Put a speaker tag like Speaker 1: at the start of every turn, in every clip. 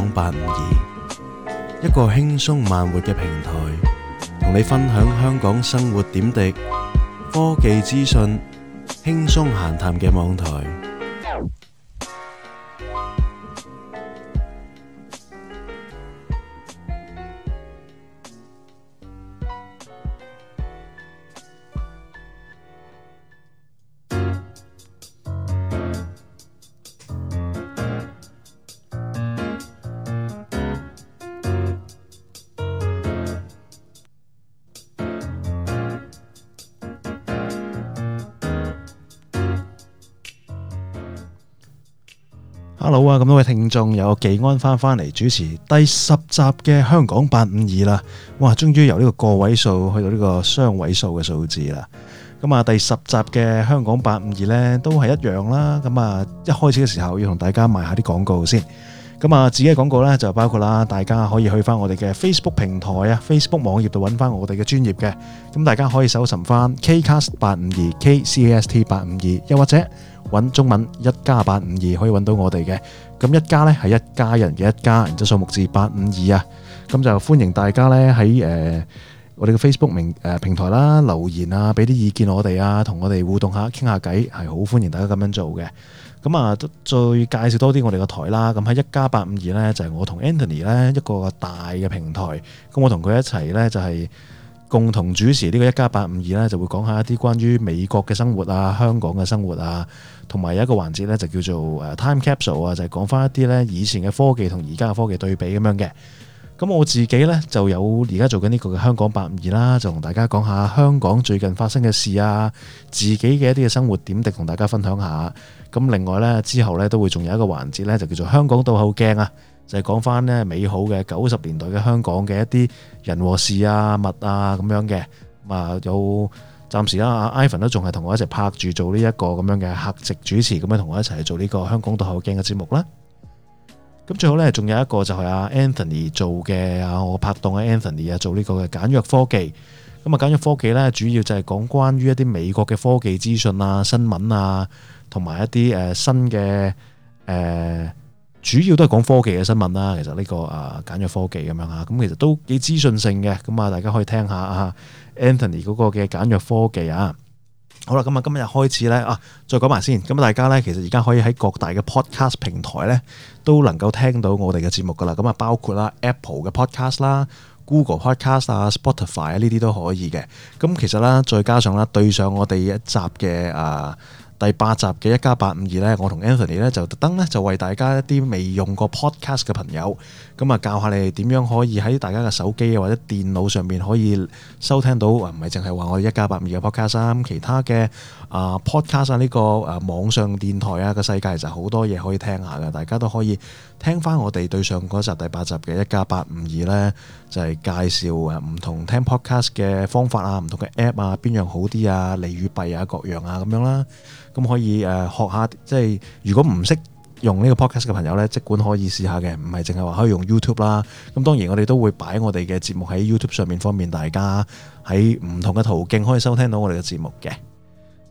Speaker 1: 港八五二，一個輕鬆慢活嘅平台，同你分享香港生活點滴、科技資訊、輕鬆閒談嘅網台。聽眾有技安翻返嚟主持第十集嘅香講八五二啦，哇！終於由呢個個位數去到呢個雙位數嘅數字啦。咁啊，第十集嘅香講八五二呢都係一樣啦。咁啊，一開始嘅時候要同大家賣下啲廣告先。咁啊，自己嘅廣告呢就包括啦，大家可以去翻我哋嘅 Facebook 平台啊、Facebook 網頁度揾翻我哋嘅專業嘅。咁大家可以搜尋翻 Kcast 八五二、Kcast 八五二，2，又或者揾中文一家八五二可以揾到我哋嘅。咁一家呢係一家人嘅一家，就數目字八五二啊。咁就歡迎大家呢喺誒我哋嘅 Facebook 明誒、呃、平台啦，留言啊，俾啲意見我哋啊，同我哋互動下，傾下偈係好歡迎大家咁樣做嘅。咁啊，再介紹多啲我哋個台啦。咁喺一加八五二呢，就係、是、我同 Anthony 呢一個大嘅平台。咁我同佢一齊呢，就係、是、共同主持呢個一加八五二呢，就會講下一啲關於美國嘅生活啊、香港嘅生活啊，同埋有一個環節呢，就叫做 Time Capsule 啊，就係講返一啲呢以前嘅科技同而家嘅科技對比咁樣嘅。咁我自己呢，就有而家做緊呢個嘅香港852啦，就同大家講下香港最近發生嘅事啊，自己嘅一啲嘅生活點滴同大家分享下。咁另外呢，之後呢，都會仲有一個環節呢，就叫做香港倒後鏡啊，就係講翻呢美好嘅九十年代嘅香港嘅一啲人和事啊、物啊咁樣嘅。咁啊有暫時啦，阿 Ivan 都仲係同我一齊拍住做呢一個咁樣嘅客席主持，咁樣同我一齊做呢個香港倒後鏡嘅節目啦。咁最後咧，仲有一個就係阿 Anthony 做嘅啊，我拍檔啊 Anthony 啊，做呢個嘅簡約科技。咁啊，簡約科技咧，主要就係講關於一啲美國嘅科技資訊啊、新聞啊，同埋一啲誒新嘅誒，主要都係講科技嘅新聞啦。其實呢個啊簡約科技咁樣啊，咁其實都幾資訊性嘅。咁啊，大家可以聽下啊 Anthony 嗰個嘅簡約科技啊。好啦，咁啊，今日開始咧啊，再講埋先。咁大家咧，其實而家可以喺各大嘅 Podcast 平台咧，都能夠聽到我哋嘅節目噶啦。咁啊，包括啦 Apple 嘅 Podcast 啦、Google Podcast 啊、Spotify 啊呢啲都可以嘅。咁其實啦，再加上啦，對上我哋一集嘅啊。第八集嘅一加八五二呢，52，我同 Anthony 咧就特登咧就為大家一啲未用過 podcast 嘅朋友，咁啊教下你點樣可以喺大家嘅手機啊或者電腦上面可以收聽到啊，唔係淨係話我一加八五二嘅 podcast，咁其他嘅。啊 Podcast 呢、啊呢個誒、啊、網上電台啊、個世界就好多嘢可以聽下嘅，大家都可以聽翻我哋對上嗰集第八集嘅一加八五二呢，就係、是、介紹誒唔同聽 Podcast 嘅方法啊，唔同嘅 App 啊，邊樣好啲啊，利與弊啊，各樣啊咁樣啦，咁可以誒、呃、學下，即係如果唔識用呢個 Podcast 嘅朋友呢，即管可以試下嘅，唔係淨係話可以用 YouTube 啦。咁當然我哋都會擺我哋嘅節目喺 YouTube 上面，方便大家喺唔同嘅途徑可以收聽到我哋嘅節目嘅。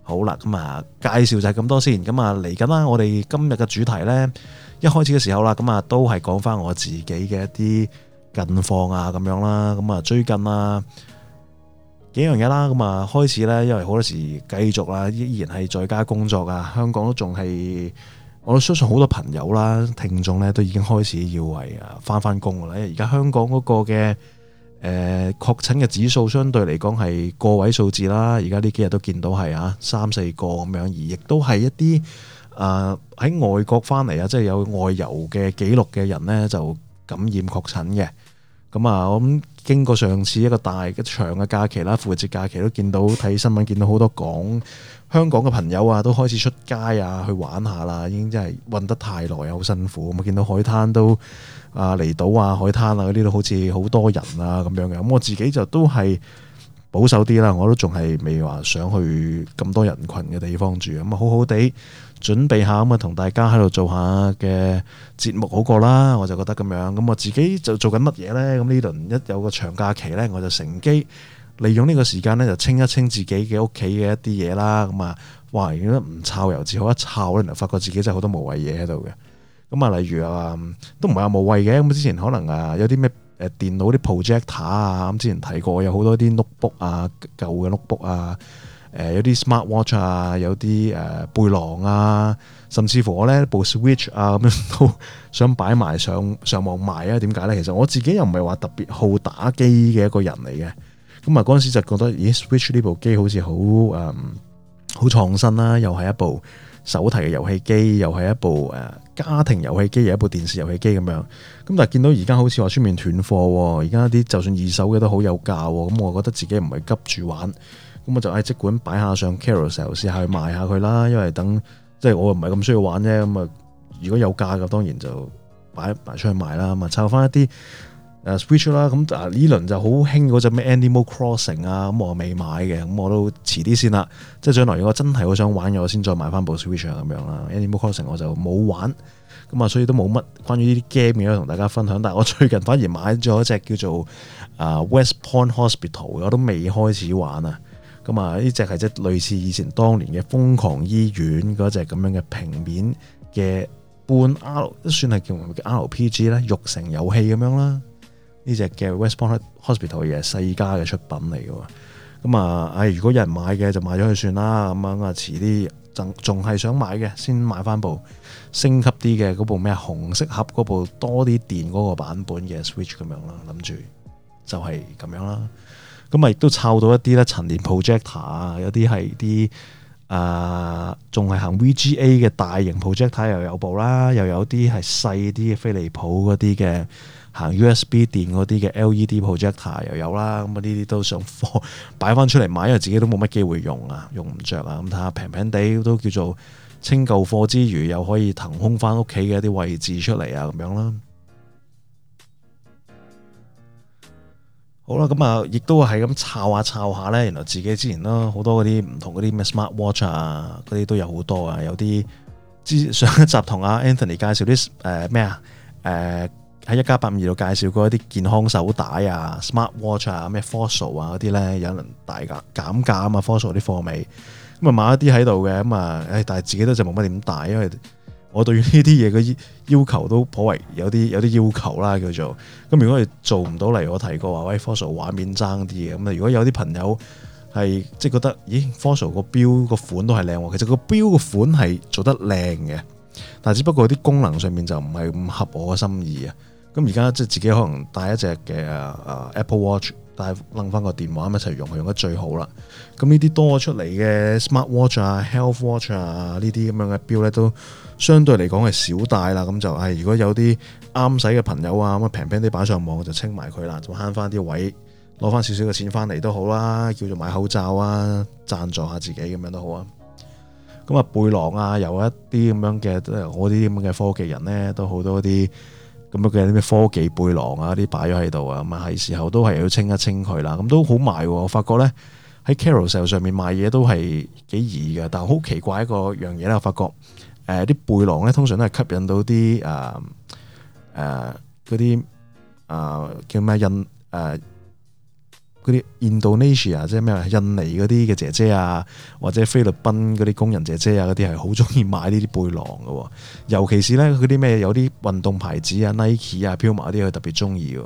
Speaker 1: 好啦，咁啊，介紹就係咁多先，咁啊嚟緊啦。我哋今日嘅主題呢，一開始嘅時候啦，咁啊，都係講翻我自己嘅一啲近況啊，咁樣啦，咁啊最近啦幾樣嘢啦，咁啊開始呢，因為好多時繼續啦，依然係在家工作啊。香港都仲係，我都相信好多朋友啦、聽眾呢，都已經開始要為啊翻翻工啦。而家香港嗰個嘅。誒確診嘅指數相對嚟講係個位數字啦，而家呢幾日都見到係啊三四個咁樣，而亦都係一啲啊喺外國翻嚟啊，即係有外遊嘅記錄嘅人呢，就感染確診嘅，咁啊咁。我經過上次一個大嘅長嘅假期啦，復活節假期都見到睇新聞，見到好多港香港嘅朋友啊，都開始出街啊，去玩下啦。已經真係混得太耐啊，好辛苦。咁啊，見到海灘都啊離島啊海灘啊呢度好似好多人啊咁樣嘅。咁我自己就都係。保守啲啦，我都仲係未話想去咁多人群嘅地方住，咁啊好好地準備下，咁啊同大家喺度做下嘅節目好過啦，我就覺得咁樣。咁我自己就做緊乜嘢呢？咁呢輪一有個長假期呢，我就乘機利用呢個時間呢，就清一清自己嘅屋企嘅一啲嘢啦。咁啊，哇，如唔執猶自好，一執呢，發覺自己真係好多無謂嘢喺度嘅。咁啊，例如啊，都唔係話無謂嘅。咁之前可能啊，有啲咩？誒，電腦啲 projector 啊，咁之前提過有好多啲 notebook 啊，舊嘅 notebook 啊，誒，有啲 smartwatch 啊，有啲誒背囊啊，甚至乎我呢部 switch 啊咁樣都想擺埋上上網賣啊？點解呢？其實我自己又唔係話特別好打機嘅一個人嚟嘅，咁啊嗰陣時就覺得，咦，欸，switch 呢部機好似好誒，好，嗯，創新啦，又係一部手提嘅遊戲機，又係一部誒家庭遊戲機，又一部電視遊戲機咁樣。咁但係見到而家好似話出面斷貨喎，而家啲就算二手嘅都好有價喎，咁我覺得自己唔係急住玩，咁我就誒即管擺下上 Carousell 試下去賣下佢啦，因為等即係我又唔係咁需要玩啫，咁啊如果有價嘅當然就擺擺出去賣啦，咁啊炒翻一啲 Switch 啦，咁啊呢輪就好興嗰隻咩 Animal Crossing 啊，咁我未買嘅，咁我都遲啲先啦，即係將來如果我真係好想玩嘅，我先再買翻部 Switch 咁樣啦，Animal Crossing 我就冇玩。咁啊，所以都冇乜關於呢啲 game 嘅要同大家分享。但係我最近反而買咗一隻叫做啊 West Point Hospital 我都未開始玩啊。咁啊，呢隻係即係類似以前當年嘅瘋狂醫院嗰隻咁樣嘅平面嘅半 R 算係叫 RPG 啦，育成遊戲咁樣啦。呢隻嘅 West Point Hospital 亦係世嘉嘅出品嚟嘅。咁啊，唉，如果有人買嘅就買咗佢算啦。咁樣啊，遲啲仲仲係想買嘅，先買翻部。升級啲嘅嗰部咩紅色盒嗰部多啲電嗰個版本嘅 Switch 咁樣啦，諗住就係咁樣啦。咁啊，亦都摷到一啲咧陳年 projector 啊，有啲係啲啊，仲係行 VGA 嘅大型 projector 又有部啦，又有啲係細啲嘅飛利浦嗰啲嘅行 USB 電嗰啲嘅 LED projector 又有啦。咁啊，呢啲都想放擺翻出嚟買，因為自己都冇乜機會用啊，用唔着啊。咁睇下平平地都叫做。清舊貨之餘，又可以騰空翻屋企嘅一啲位置出嚟啊，咁樣啦。好啦，咁啊，亦都係咁炒下炒下咧。原來自己之前咯、啊，好多嗰啲唔同嗰啲 Smart Watch 啊，嗰啲都有好多啊。有啲之上一集同阿 Anthony 介紹啲誒咩啊？誒喺香講852度介紹過一啲健康手帶啊，Smart Watch 啊，咩 Fossil 啊嗰啲咧，有輪大減減價啊嘛 Fossil 啲貨未？咁啊買一啲喺度嘅，咁啊，但係自己都就冇乜點戴，因為我對呢啲嘢嘅要求都頗為有啲有啲要求啦，叫做咁。如果係做唔到嚟，我提過話喂 Fossil 畫面爭啲嘢。咁啊，如果有啲朋友係即係覺得，咦 Fossil 個表個款都係靚喎，其實個表個款係做得靚嘅，但係只不過啲功能上面就唔係咁合我嘅心意啊。咁而家即係自己可能戴一隻嘅 Apple Watch。但係帶翻個電話一齊用，係用得最好啦。咁呢啲多出嚟嘅 Smart Watch 啊、Health Watch 啊呢啲咁樣嘅表咧，都相對嚟講係少帶啦。咁就係，如果有啲啱使嘅朋友啊，咁平平啲擺上網就清埋佢啦，就慳翻啲位，攞翻少少嘅錢翻嚟都好啦。叫做買口罩啊，贊助下自己咁樣都好啊。咁啊，背囊啊，有一啲咁樣嘅，都我啲咁嘅科技人咧，都好多啲。咁佢有啲咩科技背囊啊，啲擺咗喺度啊，咁啊，係時候都係要清一清佢啦。咁都好賣，我發覺咧喺 Carousel 上面買嘢都係幾易嘅，但好奇怪一個樣嘢咧，我發覺誒啲、呃、背囊咧通常都係吸引到啲誒誒嗰啲啊叫咩印？誒、呃。嗰啲 Indonesia 即係咩印尼嗰啲嘅姐姐啊，或者菲律賓嗰啲工人姐姐啊，嗰啲係好中意買呢啲背囊嘅，尤其是咧嗰啲咩有啲運動牌子啊 Nike 啊 Puma 啲佢特別中意嘅，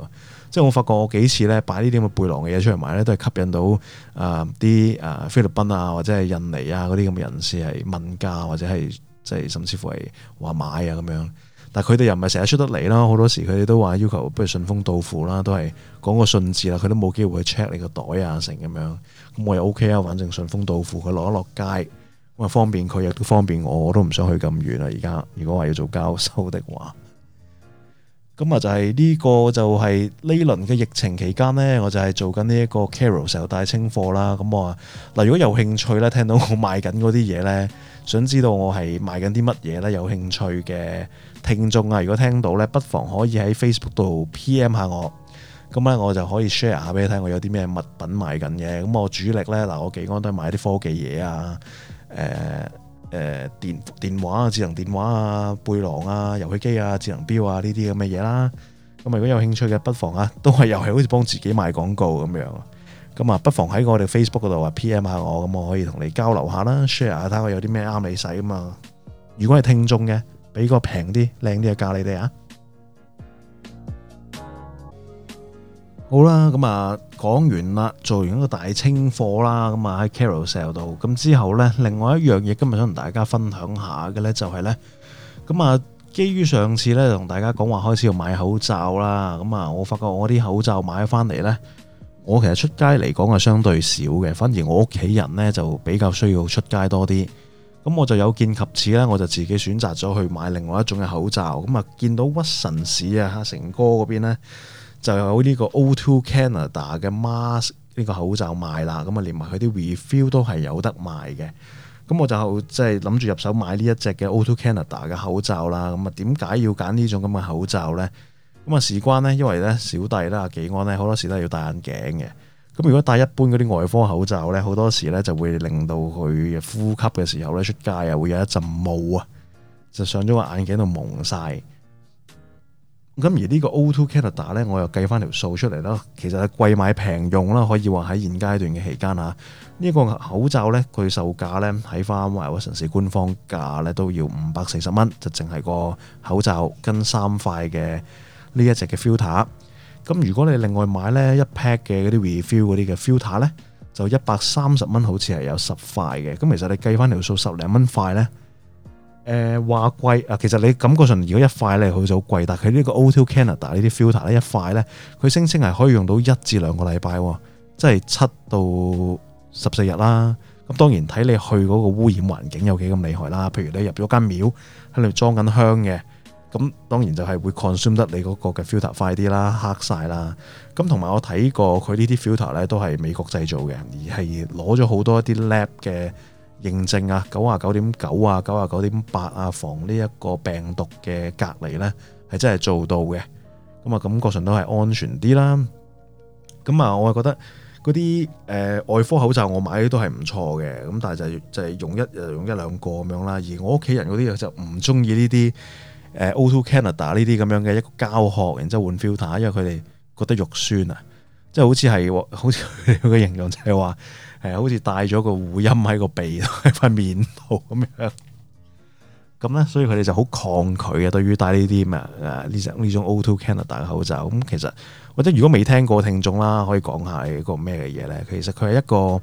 Speaker 1: 即係我發覺我幾次咧擺呢啲咁嘅背囊嘅嘢出嚟賣咧，都係吸引到啊啲啊菲律賓啊或者係印尼啊嗰啲咁嘅人士係問價或者係即係甚至乎係話買啊咁樣。但佢哋又唔係成日出得嚟啦，好多時佢哋都話要求不如順豐到付啦，都係講個順字啦，佢都冇機會去 check 你個袋啊，成咁樣咁我又 OK 啊，反正順豐到付佢落一落街咁啊方便，佢亦都方便我，我都唔想去咁遠啦。而家如果話要做交收的話。咁啊就係呢個就係呢輪嘅疫情期間呢，我就係做緊呢一個 Carousell 時候大清貨啦。咁我話嗱，如果有興趣呢，聽到我賣緊嗰啲嘢呢，想知道我係賣緊啲乜嘢呢？有興趣嘅聽眾啊，如果聽到呢，不妨可以喺 Facebook 度 PM 下我，咁咧我就可以 share 下俾你聽，我有啲咩物品賣緊嘅。咁我主力呢，嗱，我幾多都係買啲科技嘢啊，誒、呃。誒，電電話啊，智能電話啊，背囊啊，遊戲機啊，智能錶啊，呢啲咁嘅嘢啦。咁如果有興趣嘅，不妨啊，都係又係好似幫自己賣廣告咁樣。咁啊，不妨喺我哋 Facebook 嗰度話 PM 下我，咁我可以同你交流下啦，share 下睇下有啲咩啱你使啊嘛。如果係聽眾嘅，俾個平啲靚啲嘅價你哋啊。好啦，咁啊，講完啦，做完一個大清貨啦，咁啊喺 Carousell 度，咁之後呢，另外一樣嘢今日想同大家分享下嘅呢，就係呢。咁啊，基於上次呢，同大家講話開始要買口罩啦，咁啊，我發覺我啲口罩買翻嚟呢，我其實出街嚟講係相對少嘅，反而我屋企人呢，就比較需要出街多啲，咁我就有見及此呢，我就自己選擇咗去買另外一種嘅口罩，咁啊，見到屈臣氏啊，哈成哥嗰邊呢。就有呢個 O2 Canada 嘅 mask 呢個口罩賣啦，咁啊連埋佢啲 refill 都係有得賣嘅。咁我就即係諗住入手買呢一隻嘅 O2 Canada 嘅口罩啦。咁啊，點解要揀呢種咁嘅口罩呢？咁啊，事關呢，因為呢小弟啦，技安呢好多時都係要戴眼鏡嘅。咁如果戴一般嗰啲外科口罩呢，好多時呢就會令到佢呼吸嘅時候呢出街啊會有一陣霧啊，就上咗個眼鏡度蒙晒。咁而呢個 O2 Canada 呢，咧，我又計翻條數出嚟啦。其實係貴買平用啦，可以話喺現階段嘅期間啊。呢、呢個口罩咧，佢售價咧喺翻 w a 城市官方價咧都要五百四十蚊，就淨係個口罩跟三塊嘅呢一隻嘅 filter。咁如果你另外買咧一 pack 嘅嗰啲 refill 嗰啲嘅 filter 咧，就一百三十蚊，好似係有十塊嘅。咁其實你計翻條數十零蚊塊咧。誒、呃、話貴啊，其實你感覺上如果一塊咧好似好貴，但係佢呢個 O2 Canada 呢啲 filter 呢一塊呢，佢聲稱係可以用到一至兩個禮拜喎，即係七到十四日啦。咁當然睇你去嗰個污染環境有幾咁厲害啦。譬如你入咗間廟喺度裝緊香嘅，咁當然就係會 consume 得你嗰個嘅 filter 快啲啦、黑晒啦。咁同埋我睇過佢呢啲 filter 呢都係美國製造嘅，而係攞咗好多一啲 lab 嘅認證啊，九啊九點九啊，九啊九點八啊，防呢一個病毒嘅隔離呢係真係做到嘅。咁啊，感覺上都係安全啲啦。咁啊，我係覺得嗰啲誒外科口罩我買都係唔錯嘅。咁但係就係、就係、係、用一用一兩個咁樣啦。而我屋企人嗰啲就唔中意呢啲 O2 Canada 呢啲咁樣嘅一個膠殼，然之後換 filter，因為佢哋覺得肉酸啊，即係好似係好似佢個形容就係話。係好似戴咗個護陰喺個鼻度、喺塊面度咁樣，咁咧，所以佢哋就好抗拒啊。對於戴呢啲咁啊，呢隻呢種 O2 Canada 嘅口罩，咁其實或者如果未聽過聽眾啦，可以講下一個咩嘅嘢咧。其實佢係一個誒、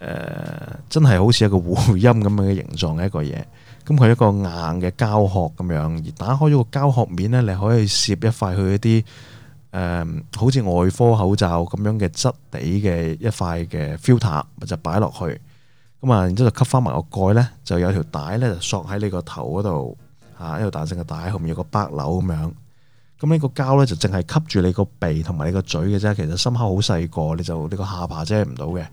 Speaker 1: 呃，真係好似一個護陰咁樣嘅形狀嘅一個嘢。咁佢一個硬嘅膠殼咁樣，而打開咗個膠殼面咧，你可以攝一塊去一啲。誒、嗯，好似外科口罩咁樣嘅質地嘅一塊嘅 filter，就擺落去，咁啊，然之後就吸翻埋個蓋咧，就有條帶咧就索喺你個頭嗰度吓，一條彈性嘅帶，後面有個 buckle 咁樣。咁、嗯、呢、這個膠咧就淨係吸住你個鼻同埋你個嘴嘅啫。其實心口好細個，你就呢、這個下巴遮唔到嘅。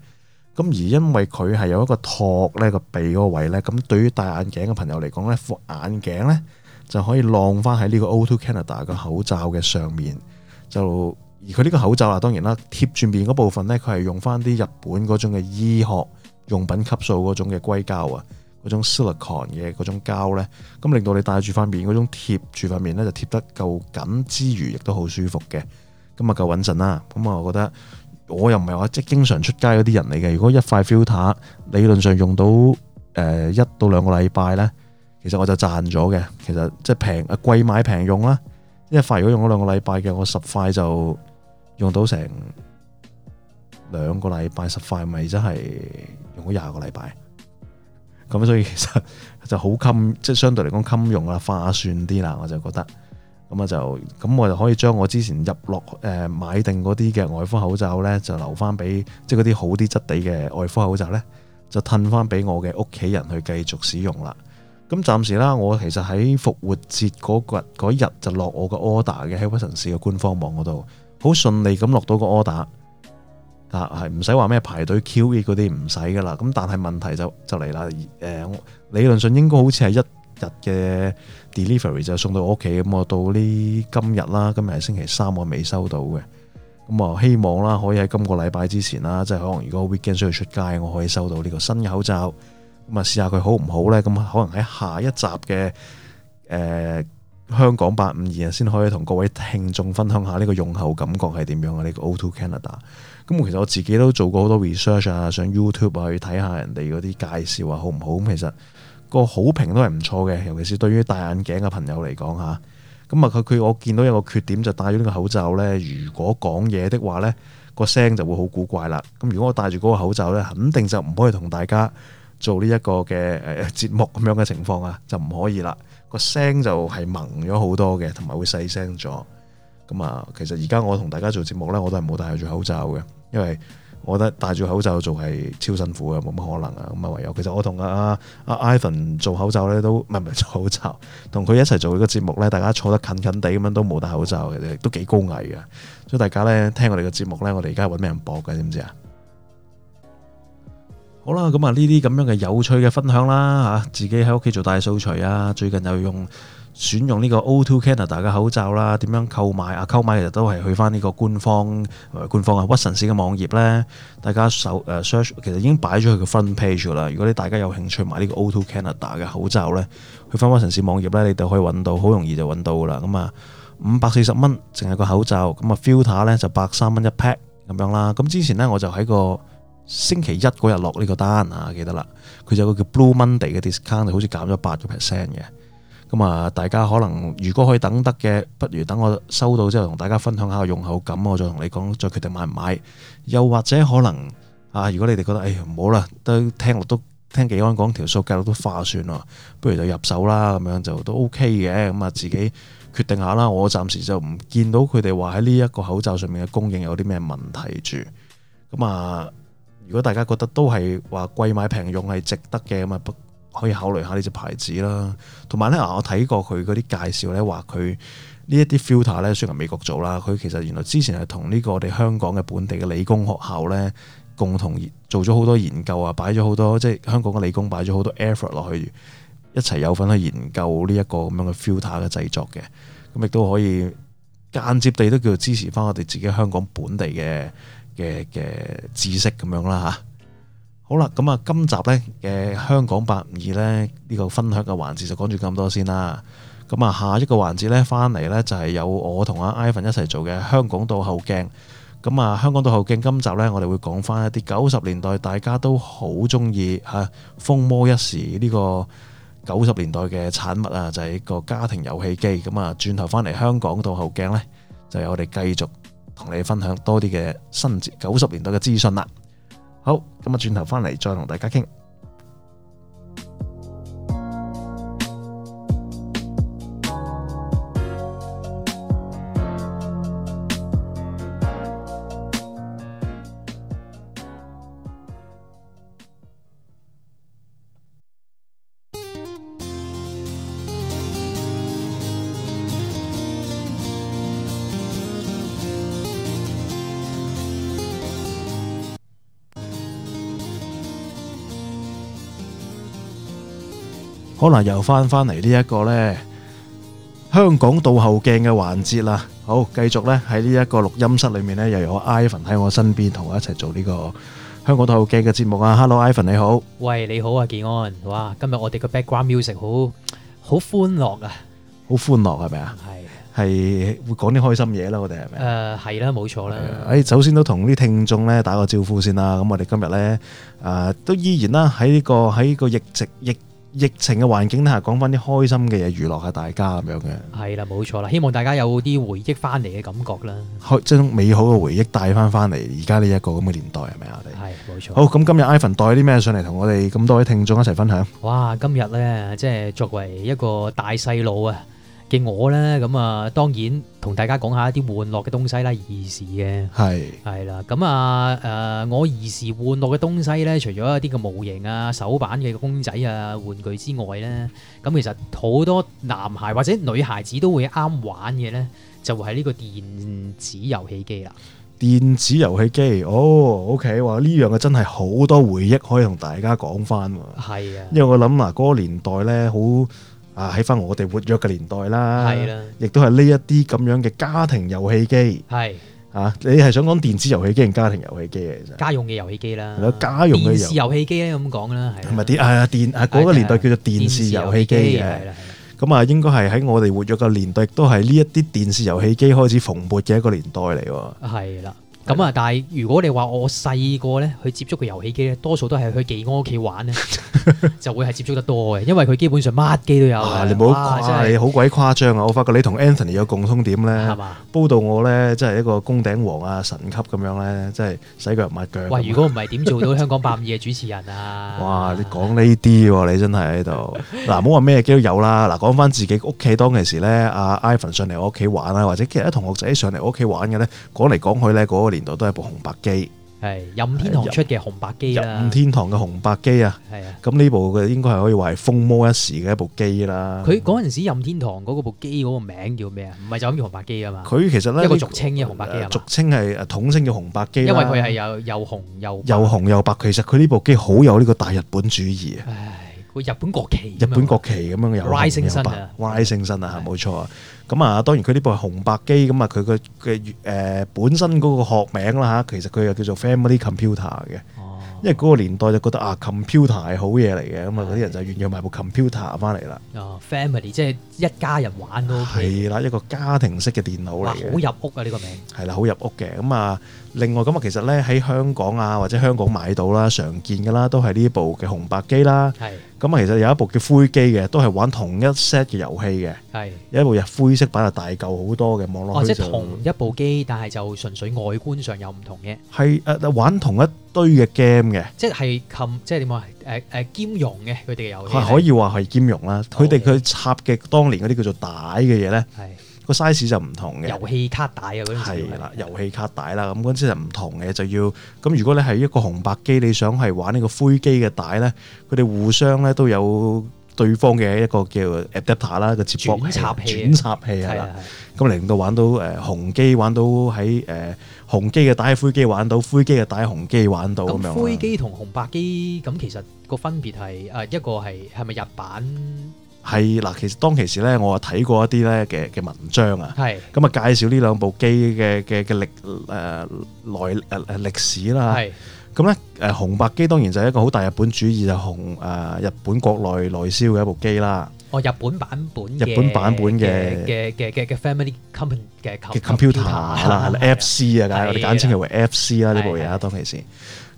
Speaker 1: 咁而因為佢係有一個托咧、這個鼻嗰個位咧，咁對於戴眼鏡嘅朋友嚟講咧，副眼鏡咧就可以晾翻喺呢個 O2 Canada 個口罩嘅上面。就而佢呢個口罩啊，當然啦，貼住面嗰部分呢，佢係用翻啲日本嗰種嘅醫學用品級數嗰種嘅硅膠啊，嗰種 silicon 嘅嗰種膠咧，咁令到你戴住塊面嗰種貼住塊面呢，就貼得夠緊之餘，亦都好舒服嘅，咁啊夠穩陣啦。咁啊，我覺得我又唔係話即係經常出街嗰啲人嚟嘅，如果一塊 filter 理論上用到誒、呃、一到兩個禮拜呢，其實我就賺咗嘅，其實即係平啊貴買平用啦。一塊如果用咗兩個禮拜嘅，我十塊就用到成兩個禮拜，十塊咪真係用咗廿個禮拜。咁所以其實就好襟，即係相對嚟講襟用啦，化算啲啦，我就覺得。咁啊就，咁我就可以將我之前入落誒、呃、買定嗰啲嘅外科口罩呢，就留翻俾即係嗰啲好啲質地嘅外科口罩呢，就褪翻俾我嘅屋企人去繼續使用啦。咁暫時啦，我其實喺復活節嗰日嗰日就落我個 order 嘅喺屈臣氏嘅官方網嗰度，好順利咁落到個 order，啊係唔使話咩排隊 queue 嗰啲唔使噶啦。咁但係問題就就嚟啦、呃，理論上應該好似係一日嘅 delivery 就送到我屋企，咁我到呢今日啦，今日係星期三，我未收到嘅，咁啊希望啦可以喺今個禮拜之前啦，即係可能如果 weekend 需要出街，我可以收到呢個新口罩。咁啊，試下佢好唔好呢？咁可能喺下一集嘅誒、呃、香講八五二啊，先可以同各位聽眾分享下呢個用後感覺係點樣啊？呢、呢個 O2 Canada，咁其實我自己都做過好多 research 啊，上 YouTube 去睇下人哋嗰啲介紹啊，好唔好？咁其實個好評都係唔錯嘅，尤其是對於戴眼鏡嘅朋友嚟講嚇。咁啊，佢佢我見到有個缺點就戴咗呢個口罩呢。如果講嘢的話呢，個聲就會好古怪啦。咁如果我戴住嗰個口罩呢，肯定就唔可以同大家，做呢一個嘅誒、呃、節目咁樣嘅情況啊，就唔可以啦，個聲就係矇咗好多嘅，同埋會細聲咗。咁啊，其實而家我同大家做節目呢，我都係冇戴住口罩嘅，因為我覺得戴住口罩做係超辛苦嘅，冇乜可能啊。咁啊，唯有其實我同阿、啊、阿、啊、Ivan 做口罩呢，都唔係唔係做口罩，同佢一齊做呢個節目呢，大家坐得近近地咁樣都冇戴口罩嘅，都幾高危嘅。所以大家呢，聽我哋嘅節目呢，我哋而家揾咩人播嘅，知唔知啊？好啦，咁啊呢啲咁樣嘅有趣嘅分享啦吓，自己喺屋企做大掃除啊，最近又用選用呢個 O2 Canada 嘅口罩啦，點樣購買啊，購買其實都係去翻呢個官方、呃、官方啊屈臣氏嘅網頁咧，大家搜 search 其實已經擺咗佢個 front page 啦。如果你大家有興趣買呢個 O2 Canada 嘅口罩咧，去翻屈臣氏網頁咧，你就可以揾到，好容易就揾到噶啦。咁啊，五百四十蚊，淨係個口罩，咁啊 filter 咧就百三蚊一 pack 咁樣啦。咁之前咧我就喺個星期一嗰日落呢個單啊，記得啦。佢就有一個叫 Blue Monday 嘅 discount，好似減咗八個 percent 嘅。咁啊，大家可能如果可以等得嘅，不如等我收到之後同大家分享下個用口感，我再同你講，再決定買唔買。又或者可能啊，如果你哋覺得，哎唔好啦，都聽落都聽技安講條數，計都化算啦，不如就入手啦，咁樣就都 OK 嘅。咁啊，自己決定下啦。我暫時就唔見到佢哋話喺呢一個口罩上面嘅供應有啲咩問題住。咁啊～如果大家覺得都係話貴買平用，係值得嘅，咁啊，可以考慮下呢隻牌子啦。同埋咧，嗱我睇過佢嗰啲介紹咧，話佢呢一啲 filter 咧雖然美國做啦。佢其實原來之前係同呢個我哋香港嘅本地嘅理工學校咧共同做咗好多研究啊，擺咗好多即係香港嘅理工擺咗好多 effort 落去，一齊有份去研究呢一個咁樣嘅 filter 嘅製作嘅。咁亦都可以間接地都叫做支持翻我哋自己香港本地嘅。嘅嘅知識咁樣啦吓，好啦，咁啊今集呢嘅香港八五二呢、呢個分享嘅環節就講住咁多先啦。咁啊下一個環節呢，翻嚟呢就係有我同阿 Ivan 一齊做嘅香港倒後鏡。咁啊香港倒後鏡今集呢，我哋會講翻一啲九十年代大家都好中意吓，風靡一時呢個九十年代嘅產物啊，就係、係、一個家庭遊戲機。咁啊轉頭翻嚟香港倒後鏡呢，就係我哋繼續。同你分享多啲嘅新節九十年代嘅資訊啦。好，咁啊轉頭翻嚟再同大家傾。可能又翻翻嚟呢一個咧香港倒後鏡嘅環節啦。好，繼續咧喺呢一個錄音室裏面咧，又有 Ivan 喺我身邊同我一齊做呢個香港倒後鏡嘅節目啊。Hello，Ivan 你好。
Speaker 2: 喂你好啊，技安，哇，今日我哋嘅 background music
Speaker 1: 好好歡樂啊，好歡樂係咪啊？係係會講啲開心嘢，啦我哋係咪？
Speaker 2: 誒係啦，冇錯啦。誒，
Speaker 1: 首先都同啲聽眾咧打個招呼先啦。咁我哋今日咧誒都依然啦喺呢個喺個疫情疫，疫情嘅環境底下，講翻啲開心嘅嘢娛樂下大家咁樣嘅，
Speaker 2: 係啦，冇錯啦，希望大家有啲回憶翻嚟嘅感覺啦，
Speaker 1: 將美好嘅回憶帶翻翻嚟。而家呢一個咁嘅年代係咪啊？你
Speaker 2: 係冇錯。好，咁
Speaker 1: 今日 Ivan 帶啲咩上嚟同我哋咁多位聽眾一齊分享？
Speaker 2: 哇！今日咧，即係作為一個大細佬啊～嘅我呢，咁啊，當然同大家講下一啲玩樂嘅東西啦，兒時嘅係係啦，咁啊的、呃，我兒時玩樂嘅東西呢，除咗一啲個模型啊、手辦嘅公仔啊、玩具之外呢，咁其實好多男孩或者女孩子都會啱玩嘅呢，就係呢個電子遊戲機啦。
Speaker 1: 電子遊戲機，哦，OK，哇，呢樣嘅真係好多回憶可以同大家講翻喎。係啊的，因為我諗啊，嗰個年代呢，好。啊，喺翻我哋活躍嘅年代啦，亦都係呢一啲咁樣嘅家庭遊戲機，係啊，你係想講電子遊戲機定家庭遊戲機嚟啫？
Speaker 2: 家用嘅遊戲機啦，係咯，
Speaker 1: 家用嘅電視遊
Speaker 2: 戲機咧咁講啦，係咪電？係啊，電啊，嗰個年代叫做電視遊戲機嘅，
Speaker 1: 咁啊，應該係喺我哋活躍嘅年代，亦都係呢一啲電視遊戲機開始蓬勃嘅一個年代嚟喎，
Speaker 2: 係啦。咁啊！但係如果你話我細個咧去接觸個遊戲機咧，多數都係去技安屋企玩咧， 就會係接觸得多嘅，
Speaker 1: 因為佢基本上乜機都有。你唔好誇，你、誇、啊、你好鬼誇張啊！我發覺你同 Anthony 有共通點咧，係嘛煲到我咧，即係一個宮頂王啊神級咁樣咧，即係洗腳唔抹腳。哇！如果
Speaker 2: 唔係點做到香講852嘅主持人啊？
Speaker 1: 哇！你講呢啲喎，你真係喺度嗱，唔好話咩機都有啦。嗱、啊，講翻自己屋企當其時咧，阿 Ivan 上嚟我屋企玩啊，或者其實啲同學仔上嚟我屋企玩嘅咧，講嚟講去咧嗰，那個年代都係部紅白機，
Speaker 2: 係任天堂出嘅
Speaker 1: 紅白機啦，任天堂嘅紅白機啊，係啊，咁呢部嘅應該係可以話係風魔一時嘅一部機啦。佢
Speaker 2: 嗰陣時任天堂嗰個部機嗰個名叫咩啊？唔係就咁叫紅白機啊嘛。佢
Speaker 1: 其實咧一個俗稱嘅紅白機，俗稱係統稱叫紅白機，因為佢係
Speaker 2: 又又紅又又
Speaker 1: 紅又白。其實佢呢部機好有呢個大日本主義啊。個日本國旗，日本國旗咁樣嘅，Rising Sun 啊，Rising Sun 啊，冇錯。咁啊，當然佢呢部係紅白機，咁啊佢嘅嘅誒本身嗰個學名啦嚇，其實佢又叫做 Family Computer 嘅，因為嗰個年代就覺得啊 computer 係好嘢嚟嘅，咁啊嗰啲人就願意買部 computer 翻嚟啦。
Speaker 2: 哦，Family 即係一家人玩咯，係
Speaker 1: 啦，一個家庭式嘅電腦嚟嘅，好入屋啊呢個名，係啦，好入屋嘅，咁啊。另外咁啊，其實咧喺香港啊或者香港買到啦，常見嘅啦，都係呢部嘅紅白機啦。係。咁啊，其實有一部叫灰機嘅，都係玩同一 set 嘅遊戲嘅。係。有一部入灰色版就大舊好多嘅網絡。或者同
Speaker 2: 一部機，但係就純粹外觀上有唔同嘅。
Speaker 1: 係啊，玩同一堆嘅 game 嘅。
Speaker 2: 即係係冚，即係點講啊？誒誒，兼容嘅佢哋嘅遊戲。係可
Speaker 1: 以話係兼容啦。佢哋佢插嘅當年嗰啲叫做帶嘅嘢咧。係。個 size 就唔同嘅，啊那個，遊戲卡帶啊，嗰陣時係啦，遊戲卡帶啦，咁嗰陣就唔同嘅，就要咁。如果你係一個紅白機，你想係玩呢個灰機嘅帶咧，佢哋互相咧都有對方嘅一個叫 adapter 啦嘅接插插器啊，咁嚟，啊、到玩到誒紅機，玩到喺誒紅機嘅帶，灰機玩到灰機嘅帶，紅機玩到咁樣。嗯、灰
Speaker 2: 機同紅白機咁其實個分別係誒，啊、一個係係咪日版？
Speaker 1: 係嗱，其實當其時咧，我啊睇過一啲咧嘅嘅文章啊，係咁啊介紹呢兩部機嘅嘅嘅歷誒嚟誒誒歷史啦，係咁咧誒紅白機當然就係一個好大日本主義就紅誒日本國內內銷嘅一部機啦，
Speaker 2: 哦日本版本日本版本嘅嘅嘅嘅 Family Company 嘅 computer 啦，FC 啊，我哋簡稱
Speaker 1: 佢為 FC 啦呢部嘢，當其時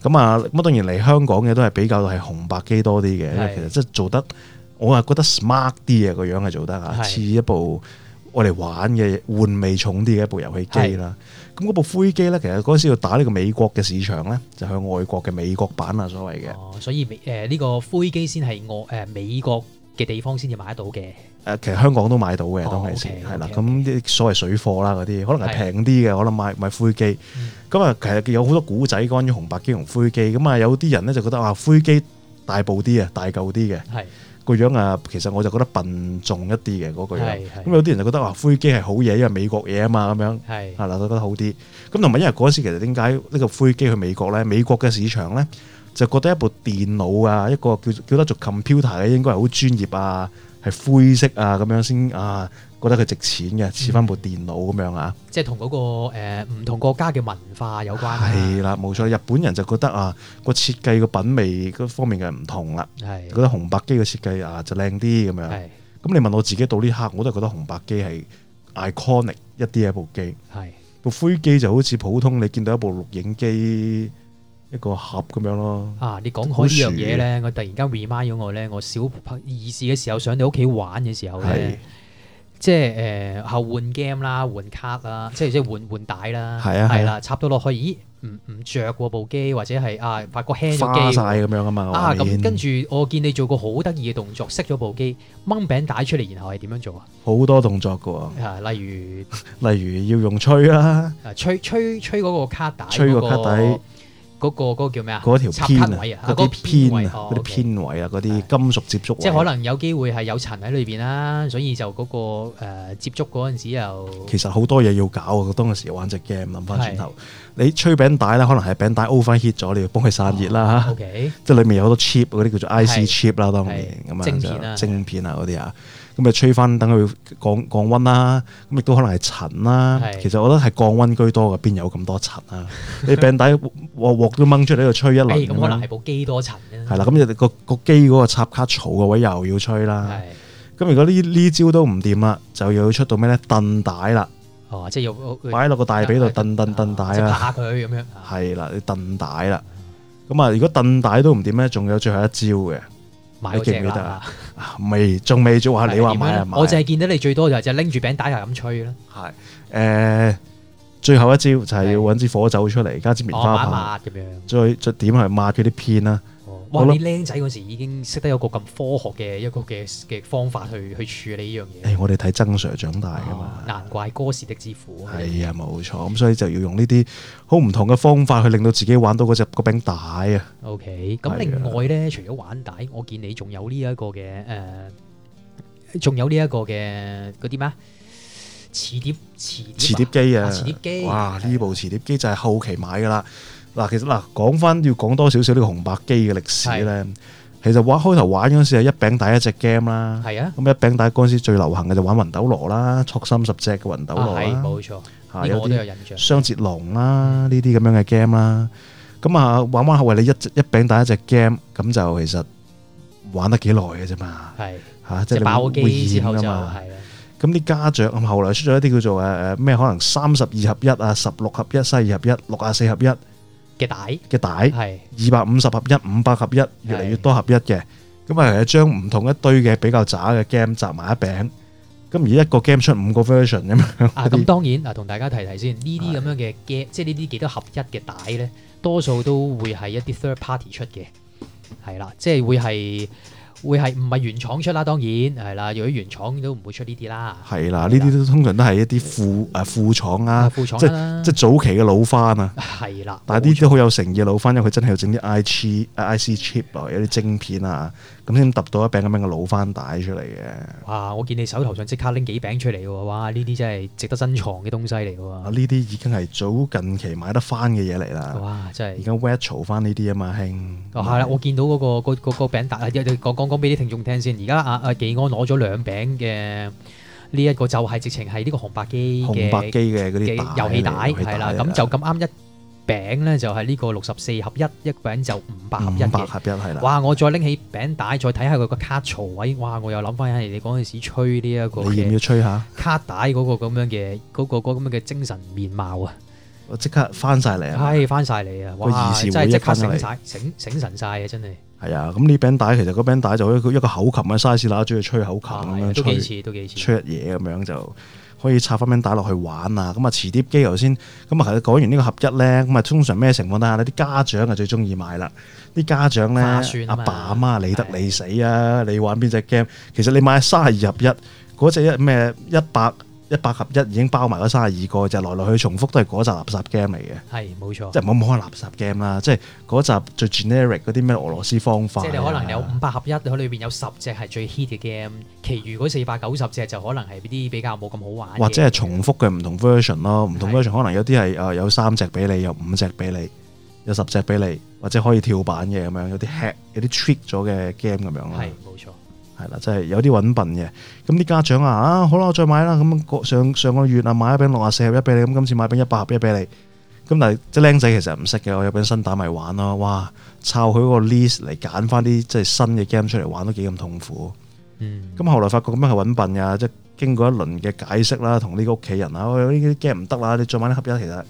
Speaker 1: 咁啊咁啊當然嚟香港嘅都係比較係紅白機多啲嘅，其實即係做得。我係覺得 smart 啲嘅個樣係做得嚇，似是一部我哋玩嘅玩味重啲嘅一部遊戲機啦。咁嗰是部灰機咧，其實嗰陣時要打呢個美國嘅市場咧，就係外國嘅美國版啊所謂嘅、哦。
Speaker 2: 所以美呢、呃呢個灰機先係外誒美國嘅地方先至買得到嘅。
Speaker 1: 誒，其實香港都買到嘅，當其時係啦。咁啲所謂水貨啦嗰啲，可能係平啲嘅，是可能買買灰機。咁啊、嗯，其實有好多古仔關於紅白機同灰機。咁啊，有啲人咧就覺得話、啊、灰機大部啲啊，大嚿啲嘅。係。個樣啊，其實我就覺得笨重一啲嘅嗰個樣咁是是、嗯、有啲人就覺得話灰機係好嘢，因為美國嘢啊嘛咁樣，係嗱是是 都覺得好啲。咁同埋因為嗰陣時其實點解呢個灰機去美國咧？美國嘅市場咧就覺得一部電腦啊，一個叫叫得做 computer 嘅，應該係好專業啊，係灰色啊咁樣先啊。覺得佢值錢嘅，似翻部電腦咁樣啊！嗯、
Speaker 2: 即係同嗰個誒唔、呃、同國家嘅文化有關，啊。
Speaker 1: 係啦，冇錯。日本人就覺得啊，個設計個品味嗰方面嘅唔同啦。係的覺得紅白機嘅設計啊就靚啲咁樣。係咁的，你問我自己到呢刻，我都係覺得紅白機係 iconic 一啲嘅部機。係部的灰機就好似普通，你見到一部錄影機一個盒咁樣咯。
Speaker 2: 啊，你講開呢樣嘢咧，我突然間 remind 咗我咧，我小朋兒時嘅時候上你屋企玩嘅時候咧。即係誒，後換 game 啦，換卡啦，即係即係換換帶啦，係啊，係啦、啊，插到落去，咦，唔唔著部機，或者係啊，發覺輕咗機，花晒咁
Speaker 1: 樣啊嘛，啊，咁面、啊、跟
Speaker 2: 住我見你做過好得意嘅動作，熄咗部機，掹餅帶出嚟，然後係點樣做啊？
Speaker 1: 好多動作噶、
Speaker 2: 啊，例如
Speaker 1: 例如要用吹啦，
Speaker 2: 吹吹吹個卡帶、那個，吹個卡帶。嗰個嗰個叫咩啊？嗰條片，嗰啲片，嗰啲
Speaker 1: 片位，嗰啲金屬接觸，即係可能
Speaker 2: 有機會係有塵喺裏面啦，所以就嗰個接觸嗰陣時又
Speaker 1: 其實好多嘢要搞啊！當嗰時玩隻 game，諗返轉頭，你吹餅帶啦，可能係餅帶 overheat 咗，你要幫佢散熱啦。OK，即係裏面有好多 chip 嗰啲叫做 IC chip 啦，當年咁啊晶片啊，晶片啊，嗰啲呀。咁咪吹翻，等佢降降溫啦。咁亦都可能係塵啦。是的 其實我覺得係降溫居多嘅，邊有咁多塵啊？ 你柄底鑊鑊都掹出嚟喺度吹一輪。咁、欸嗯、可能係
Speaker 2: 部機多塵咧、
Speaker 1: 啊。係、那、啦、個，咁又個個機嗰個插卡槽嘅位又要吹啦。咁是的 如果呢呢招都唔掂啦，就要出到咩咧？掟帶啦、哦。
Speaker 2: 即係
Speaker 1: 要擺落個大髀度掟掟掟帶啦。嚇佢咁
Speaker 2: 樣。
Speaker 1: 係啦帶，你掟帶啦。咁啊，如果掟帶都唔掂咧，仲有最後一招嘅。買記唔記得啊，未仲未做話你話買啊樣買的，我
Speaker 2: 淨係見到你最多就係就拎住餅底係咁吹啦。
Speaker 1: 係的，誒，最後一招就係要揾支火酒出嚟，的加支棉花棒，再、哦、再點係抹佢啲片啦。
Speaker 2: 哇！你僆仔嗰時已經識得有個咁科學嘅一個嘅嘅方法去去處理呢樣嘢。
Speaker 1: 誒，我哋睇曾 sir 長大㗎
Speaker 2: 嘛？啊、難怪哥士的之父。係啊、
Speaker 1: 哎，冇錯。咁所以就要用呢啲好唔同嘅方法去令到自己玩到嗰隻嗰柄帶
Speaker 2: 啊。OK，咁另外咧，的除咗玩帶，我見你仲有呢一個嘅誒，仲、呃、有呢一個嘅嗰啲咩磁碟磁碟，磁碟機啊，啊磁碟機哇！
Speaker 1: 呢的部磁碟機就係後期買㗎喇。嗱，其實嗱，講翻要講多少少呢個紅白機嘅歷史咧，其實玩開頭玩嗰時係一餅打一隻 game 啦，係啊，咁一餅打嗰陣時最流行嘅就玩魂斗羅啦，撮三十隻嘅魂斗羅，係冇錯，嚇，有啲有印象，雙截龍啦，呢啲咁樣嘅 game 啦，咁啊玩玩下為你一隻一餅打一隻 game，咁就其實玩得幾耐嘅啫嘛，係嚇，即係爆機之後就，咁啲家長咁後來出咗一啲叫做誒誒咩可能三十二合一啊，十六合一、卅二合一、六啊四合一。嘅帶嘅帶，係二百五十合一、五百合一，越嚟越多合一嘅，咁啊將唔同一堆嘅比較渣嘅 game 集埋一餅，咁而一個 game 出五個 version 咁樣。啊，咁當
Speaker 2: 然啊，同大家提提先，呢啲咁樣嘅 game，即係呢啲幾多合一嘅帶咧，多數都會係一啲 third party 出嘅，係啦，即係會係。會係唔係原廠出啦？當然係啦，如果原廠都唔會出呢啲啦。
Speaker 1: 係啦，呢啲都通常都係一啲副誒副廠啊，副廠、啊、即係即係早期嘅老翻啊。
Speaker 2: 係啦，但呢
Speaker 1: 啲都好有誠意嘅老翻，因為佢真係要整啲 IC IC chip 啊，有啲晶片啊。咁先揼到一餅咁樣嘅老翻帶出嚟嘅。
Speaker 2: 哇！我見你手頭上即刻拎幾餅出嚟喎，哇！呢啲真係值得珍藏嘅東西嚟㗎嘛。
Speaker 1: 啊！呢啲已經係早近期買得翻嘅嘢嚟啦。哇！真係而家 retro 翻呢啲啊嘛，兄。
Speaker 2: 哦，係啦，我見到嗰個嗰嗰嗰餅帶啊，講講講俾啲聽眾聽先。而家阿阿技安攞咗兩餅嘅，呢一個就係直情係呢個紅白機嘅紅白機嘅嗰啲遊戲帶係啦。咁就咁啱一。.餅咧就係呢個六十四合一，一餅就五百合
Speaker 1: 一五百合一係啦。哇！
Speaker 2: 我再拎起餅帶，是的 再睇下佢個卡槽位，哇！我又諗翻起你陣時，吹呢、這、一個。你要唔要吹下？卡帶嗰、那個咁樣嘅，嗰咁樣嘅精神
Speaker 1: 面貌啊！我即刻翻晒嚟。係
Speaker 2: 翻曬嚟啊！哇！真係即刻醒曬哇，醒醒神晒啊！真係。
Speaker 1: 係啊，咁呢餅帶其實個餅帶就一個口琴嘅 size 啦，主要吹口琴咁都幾似，都幾似。吹嘢咁樣就。可以插翻蚊打落去玩啊！咁啊，磁碟機頭先咁啊，其實講完呢個合一咧，咁啊，通常咩情況底下咧，啲家長啊最中意買啦，啲家長咧阿爸阿媽理得你死啊！你玩邊隻 game？其實你買三十二合一嗰隻一咩一百。那個一百合一已經包埋咗三十二個，就來來去去重複都係嗰集垃圾 game 嚟嘅。係，冇錯，即係冇冇可能垃圾 game 啦，對 即係嗰集最 generic 嗰啲咩俄羅斯方法，即係你可能
Speaker 2: 有五百合一，佢裏邊有十隻係最 hit 嘅 game，其餘嗰四百九十隻就可能係啲比較冇咁好玩。或者
Speaker 1: 係重複嘅唔同 version 咯，唔是的 同 version 可能有啲係誒有三隻俾你，有五隻俾你，有十隻俾你，或者可以跳板嘅咁的樣，有啲 hack、有啲 trick 咗嘅 game 咁樣咯。係，冇錯。係啦，真係，就是，有啲揾笨嘅。咁啲家長說啊，啊好啦，我再買啦。咁上上個月啊買一餅六十四合一俾你，咁今次買一餅一百合一俾你。咁但係即係僆仔其實唔識嘅，我有本新打埋玩咯。哇！靠佢個 list 嚟揀翻啲即係新嘅 game 出嚟玩都幾咁痛苦。嗯。咁後來發覺咁樣係揾笨噶，即係經過一輪嘅解釋啦，同呢個屋企人啊，我呢啲 game 唔得啦，你再買啲合一，其實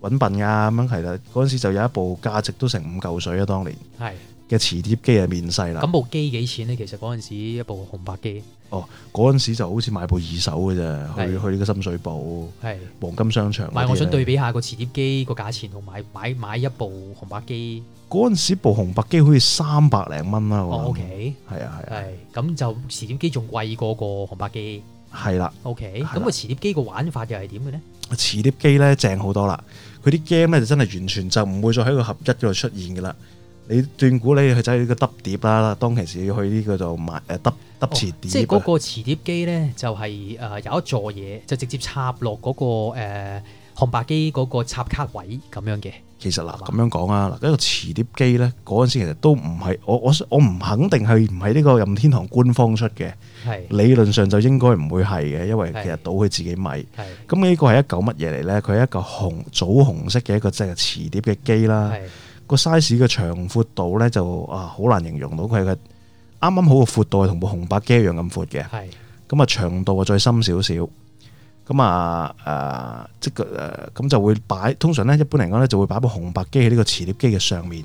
Speaker 1: 揾笨噶。咁樣係啦，嗰陣時就有一部價值都成五嚿水啊，當年。係。嘅磁碟機就面世啦。咁
Speaker 2: 部機幾錢呢？其實嗰陣時一部紅白機。
Speaker 1: 哦，嗰陣時就好似買部二手嘅啫，去去呢個深水埗。
Speaker 2: 係。黃金
Speaker 1: 商場。唔係，我想對比
Speaker 2: 下個磁碟機個價錢同買買買一部紅白機。
Speaker 1: 嗰陣時部紅白機好似三百零蚊啦。哦，OK。係
Speaker 2: 啊，係啊。係。咁就磁碟機仲貴過個紅白機。
Speaker 1: 係啦。
Speaker 2: OK，咁個磁碟機個玩法又係點嘅呢？
Speaker 1: 磁碟機咧正好多啦，佢啲 game 咧就真係完全就唔會再喺個合一度出現噶啦你斷估你去走呢個揼碟啦，當其時去呢個就買，誒揼揼磁碟。哦、即係嗰
Speaker 2: 個磁碟機咧，就係、是、誒有一座嘢就直接插落嗰、那個誒、呃、紅白機嗰個插卡位咁樣嘅。
Speaker 1: 其實嗱咁吧樣講啊，嗱、這、一個磁碟機咧嗰陣時其實都唔係我我我唔肯定係唔係呢個任天堂官方出嘅。的理論上就應該唔會係嘅，因為其實賭佢自己買。係咁的呢個係一嚿乜嘢嚟咧？佢係一個紅棗紅色嘅一個即係磁碟嘅機啦。個 size 嘅長闊度咧就啊好難形容到佢嘅，啱啱好個闊度係同是的、啊啊啊、部紅白機一樣咁闊嘅，係咁啊長度啊再深少少，咁啊誒即個誒咁就會擺通常咧一般嚟講咧就會擺部紅白機喺呢個磁碟機嘅上面，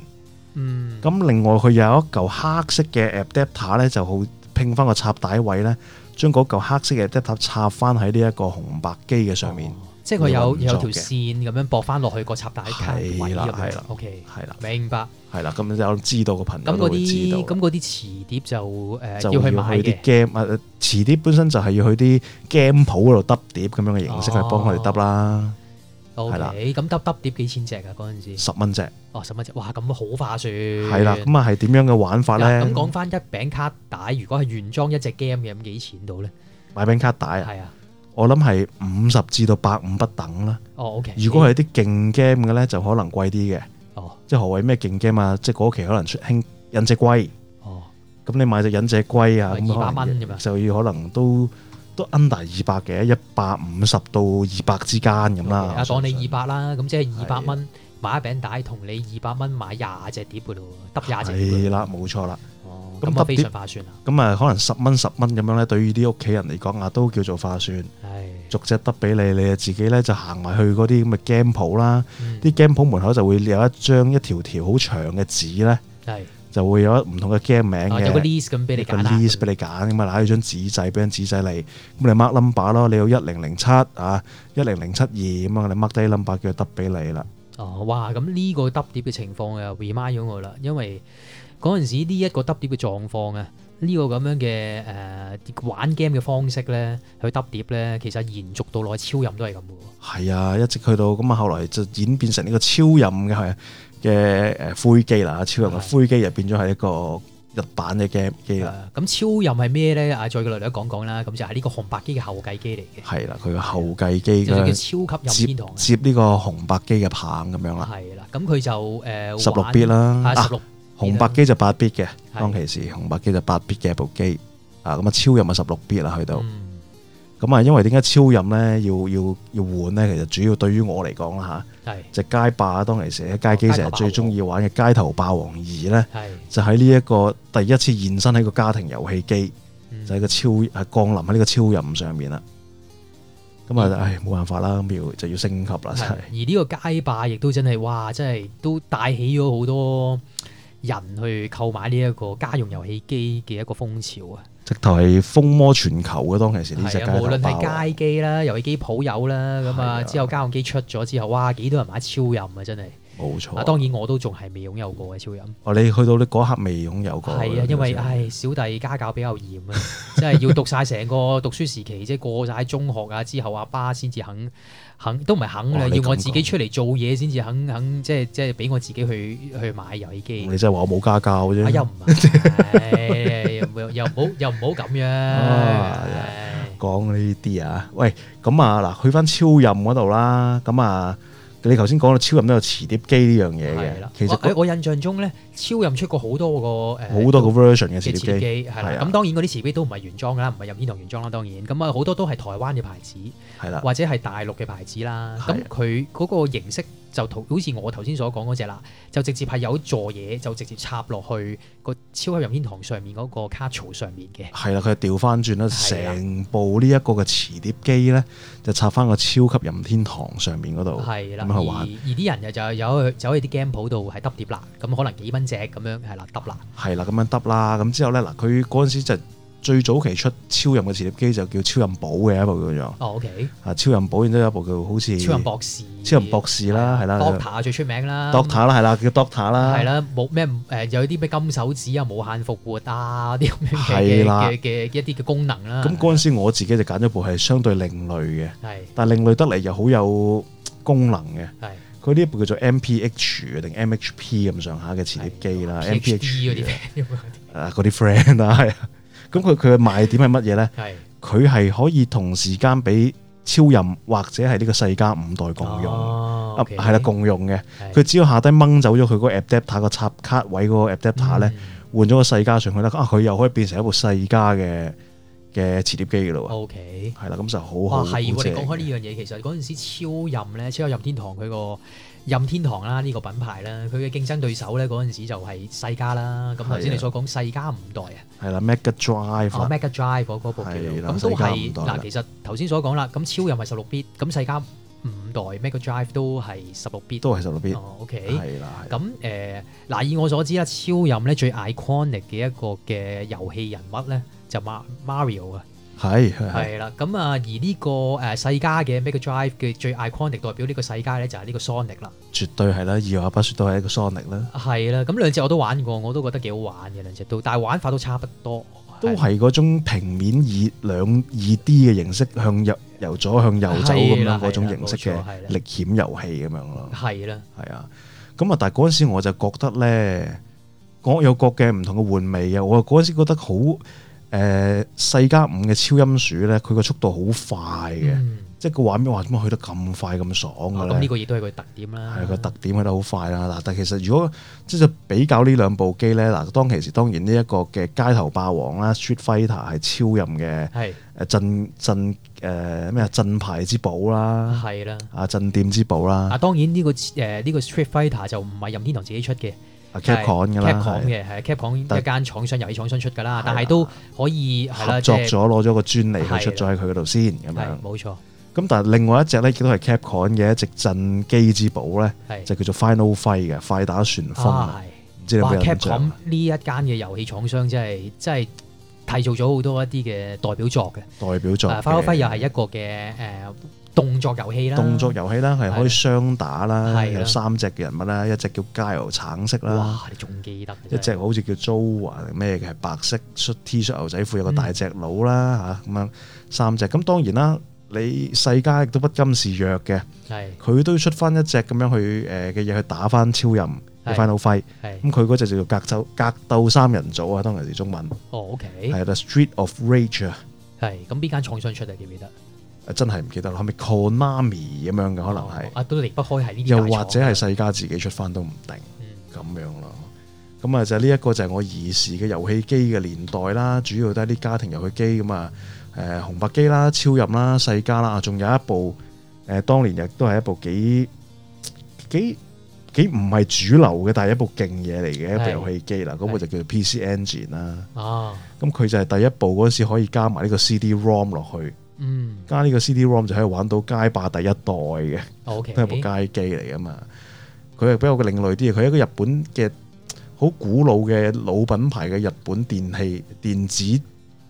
Speaker 1: 嗯，咁另外佢有一嚿黑色嘅 adapter 咧就好拼翻個插帶位咧，將嗰嚿黑色嘅 adapter 插翻喺呢一個紅白機嘅上面。哦哦。即係佢有有條
Speaker 2: 線咁樣駁翻落去個插帶，係啦，係啦，OK，係啦，明白，
Speaker 1: 係啦，咁有知道嘅朋友咁嗰啲，
Speaker 2: 咁啲磁碟就誒，就要去啲
Speaker 1: game 啊，磁碟本身就係要去啲 game 鋪嗰度揼碟咁樣嘅形式去幫我哋揼啦，
Speaker 2: 係啦，咁揼揼碟幾錢隻啊？嗰陣時十蚊隻，哦，十蚊隻，哇，咁好化算，係啦，咁啊
Speaker 1: 係點樣嘅玩法咧？咁講
Speaker 2: 翻一餅卡帶，如果係原裝一隻 game 嘅，咁幾錢到咧？
Speaker 1: 買餅卡帶啊，係啊。我諗係五十至到百五不等啦。哦，OK。如果係啲勁 game 嘅咧，就可能貴啲嘅。哦，即係何謂咩勁 game 啊？即係嗰期可能出緊忍者龜。哦。咁你買隻忍者龜啊，二百蚊咁樣，就要可能都可能都 under 二百嘅，一百五十到二百之間咁啦。啊、哦，講、okay，
Speaker 2: 你二百啦，咁即係二百蚊買一餅帶，同的你二百蚊買廿隻碟嘅咯，得廿隻。係
Speaker 1: 啦，冇錯啦。咁、嗯、算啲咁啊，可能十蚊十蚊咁樣咧，對於啲屋企人嚟講啊，都叫做化算。係的逐隻得俾你，你啊自己咧就行埋去嗰啲咁嘅 game 鋪啦。啲 game 鋪門口就會有一張一條條好長嘅紙咧，係的就會有一唔同嘅 game 名嘅、啊。有個 list 咁俾你揀啦，list 俾你揀咁啊，攋張紙仔俾張紙仔你，咁你 mark number 咯，你有一零零七啊，一零零七二咁啊，你 mark 低 number 叫佢得俾你啦。
Speaker 2: 哦，哇！咁呢個得碟嘅情況啊，remind 咗我啦，因為。嗰陣時呢一個揼碟嘅狀況啊，呢個咁樣嘅誒玩 game 嘅方式咧，去揼碟咧，其實延續到落去超任都係咁嘅
Speaker 1: 喎。係啊，一直去到咁啊，後來就演變成呢個超任嘅嘅誒飛機啦，超任嘅灰機又變咗係一個日版嘅 game 機啦。咁超任係咩咧？啊，再個來嚟
Speaker 2: 講講啦。咁就係呢個紅白機嘅後繼機嚟
Speaker 1: 嘅。係啦，佢嘅後繼機咧接接呢個紅白機嘅棒咁樣啦。係啦，
Speaker 2: 咁佢就誒十六 bit 啦。係十六。
Speaker 1: 紅白機就八 bit 嘅。的當其時紅白機就八 bit 嘅一部機，啊咁啊超任啊十六 bit 啦去到，咁啊、嗯、因為點解超任咧要要要換咧？其實主要對於我嚟講啦吓，就的街霸當其時喺街機成日最中意玩嘅街頭霸王二咧，的就喺呢一個第一次現身喺個家庭遊戲機，嗯、就喺個超啊降臨喺呢個超任上面啦。咁啊、嗯、唉冇辦法啦，要就要升級啦，真係。
Speaker 2: 而呢個街霸亦都真係哇，真係都帶起咗好多。人去購買呢一個家用遊戲機嘅一個風潮啊，
Speaker 1: 直頭係風魔全球嘅。當其時呢隻街機無論係街
Speaker 2: 機啦、遊戲機鋪有啦，咁啊之後家用機出咗之後，哇幾多人買超任啊，真係冇錯、啊啊。當然我都仲係未擁有過嘅超任。哦、
Speaker 1: 啊，你去到你嗰刻未擁有過？係啊，因為，因為
Speaker 2: 唉小弟家教比較嚴啊， 即係要讀晒成個讀書時期，即係過晒中學啊之後，阿爸先至肯。肯都唔係肯啦，要我自己出嚟做嘢先至肯肯，即係即係俾我自己去去買遊戲機。你真係
Speaker 1: 話我冇家教啫。阿任、哎 哎，又唔好又唔好咁樣講呢啲啊！喂，咁啊嗱，去翻超任嗰度啦。咁啊，你頭先講到超任都有磁碟機呢樣嘢嘅，的其實誒、哎，我
Speaker 2: 印象中咧。超任出過好多個誒，好多個 version 嘅磁碟機，係啦。咁的當然嗰啲磁碟都唔係原裝啦，唔係任天堂原裝啦，當然。咁啊好多都係台灣嘅牌子，是的或者係大陸嘅牌子啦。咁佢嗰個形式就好似我頭先所講嗰隻啦，就直接係有座嘢就直接插落去個超級任天堂上面嗰個卡槽上面嘅。係
Speaker 1: 啦，佢調翻轉啦，成的部呢一個嘅磁碟機咧，就插翻個超級任天堂上面嗰度，咁的去玩。
Speaker 2: 而啲人就有就走去啲 game 鋪度係揼碟啦，咁可能幾蚊。只咁樣係啦，得啦，
Speaker 1: 係啦，咁樣得啦。咁之後咧，嗱，佢嗰陣時就最早期出超任嘅磁碟機就叫超任寶嘅一部叫做。哦，OK。啊，超任寶然之後有一部叫好似超任博士、超任博士啦，係啦。Doctor
Speaker 2: 最出名啦，Doctor 啦，
Speaker 1: 係啦，叫 Doctor 啦，係啦，
Speaker 2: 冇咩誒，有啲咩金手指啊、無限復活啊啲咁樣嘅嘅一啲嘅功能啦。咁嗰
Speaker 1: 陣時我自己就揀咗部係相對另類嘅，係，但另類得嚟又好有功能嘅，係。佢呢一部叫做 MPH 定 MHP 咁上下嘅磁碟機啦，MPH 嗰啲啊，嗰啲 friend 啊。係咁佢佢嘅賣點係乜嘢咧？佢係的可以同時間俾超任或者係呢個世嘉五代共用，係啦，共用嘅。佢的只要下低掹走咗佢嗰個 adapter 個插卡位嗰個 adapter 咧的，換咗個世嘉上去咧，啊佢又可以變成一部世嘉嘅。嘅磁碟機嘅咯喎，OK，係啦，咁就好好。哇，係喎，你講開
Speaker 2: 呢樣嘢，其實嗰陣時超任咧，超有任天堂佢個任天堂啦，呢個品牌啦，佢嘅競爭對手咧，嗰陣時就係世嘉啦。咁頭先你所講世嘉五代啊，
Speaker 1: 係啦，Mega Drive，Mega
Speaker 2: Drive 嗰部機啦，咁都係嗱，其實頭先所講啦，咁超任係十六 bit，咁世嘉五代 Mega Drive 都係十六 bit，都係十六 bit，OK，係啦，咁誒嗱，以我所知啦，超任咧最 iconic 嘅一個嘅遊戲人物咧。就 Mario 啊，
Speaker 1: 係係
Speaker 2: 啦，咁啊而呢個誒世嘉嘅 Megadrive 嘅最 iconic 代表呢個世嘉咧，就係呢個 Sonic 啦，
Speaker 1: 絕對係啦，二話不説都係一個 Sonic 啦，
Speaker 2: 係啦，咁兩隻我都玩過，我都覺得幾好玩嘅兩隻都，但係玩法都差不多，都係
Speaker 1: 嗰種平面以兩二 D 嘅形式向右由左向右走咁樣嗰種形式嘅歷險遊戲咁樣咯，係啦，係啊，咁啊但係嗰陣時我就覺得咧各有各嘅唔同嘅玩味啊，我嗰陣時覺得好。誒世嘉五嘅超音鼠咧，佢個速度好快嘅，嗯、即係個畫面話點解去得咁快咁爽嘅咧？呢、哦、個
Speaker 2: 亦都係佢特點啦，係個
Speaker 1: 特點去得好快啦。嗱，但其實如果即係比較呢兩部機咧，嗱，當其時當然呢一個嘅街頭霸王啦，Street Fighter 係超任嘅，係誒的鎮鎮誒咩啊鎮牌之寶啦，係啦的，啊鎮店之寶啦。啊
Speaker 2: 當然呢、呢個誒呢、呃呢個 Street Fighter 就唔係任天堂自己出嘅。
Speaker 1: Capcom 嘅啦，Capcom
Speaker 2: 嘅係 Capcom 一間廠商，遊戲廠商出嘅啦，但係都可以合作咗攞
Speaker 1: 咗個專利去出咗喺佢嗰度先咁樣。冇錯。咁但係另外一隻咧亦都係 Capcom 嘅，一隻鎮機之寶咧，就叫做 Final Fight 嘅《快打旋風》。唔知你有冇印象？咁
Speaker 2: 呢一間嘅遊戲廠商真係真係製造咗好多一啲嘅代表
Speaker 1: 作嘅。代表作。Final Fight 又係
Speaker 2: 一個嘅誒。動作遊戲啦，動作遊戲啦，係可以
Speaker 1: 雙打啦，的有三隻嘅人物啦，一隻叫加油橙色啦，哇，你仲記得？一隻好似叫 Joe 定咩嘅，係白色出 T 恤牛仔褲，有一個大隻佬啦，嚇咁樣三隻。咁當然啦，你世嘉亦都不甘示弱嘅，係佢的都要出翻一隻咁樣去誒嘅嘢去打翻超人 Final Fight。咁，佢嗰隻就叫格鬥格鬥三人組啊，當時係中文。
Speaker 2: 哦，OK。係 The
Speaker 1: Street of Rage。啊。
Speaker 2: 係咁，邊間廠商出嚟，記唔記得？
Speaker 1: 真係唔記得咯，係咪 Konami 咁樣嘅？可能係
Speaker 2: 啊，都離不開係呢啲。又或者係
Speaker 1: 世嘉自己出翻都唔定，咁、嗯、樣咯。咁啊就呢一個就係我兒時嘅遊戲機嘅年代啦，主要都係啲家庭遊戲機咁啊，誒、呃、紅白機啦、超任啦、世嘉啦，仲有一部誒、呃，當年亦都係一部幾幾幾唔係主流嘅，但係一部勁嘢嚟嘅一部遊戲機啦。咁我是 就叫 PC Engine 啦。是的 啊，咁佢就係第一部嗰時可以加埋呢個 CD ROM 落去。嗯，加呢個 CD-ROM 就可以玩到街霸第一代嘅，都係 Okay 部街機嚟噶嘛。佢係比較嘅另類啲嘅，佢係一個日本嘅好古老嘅老品牌嘅日本電器電子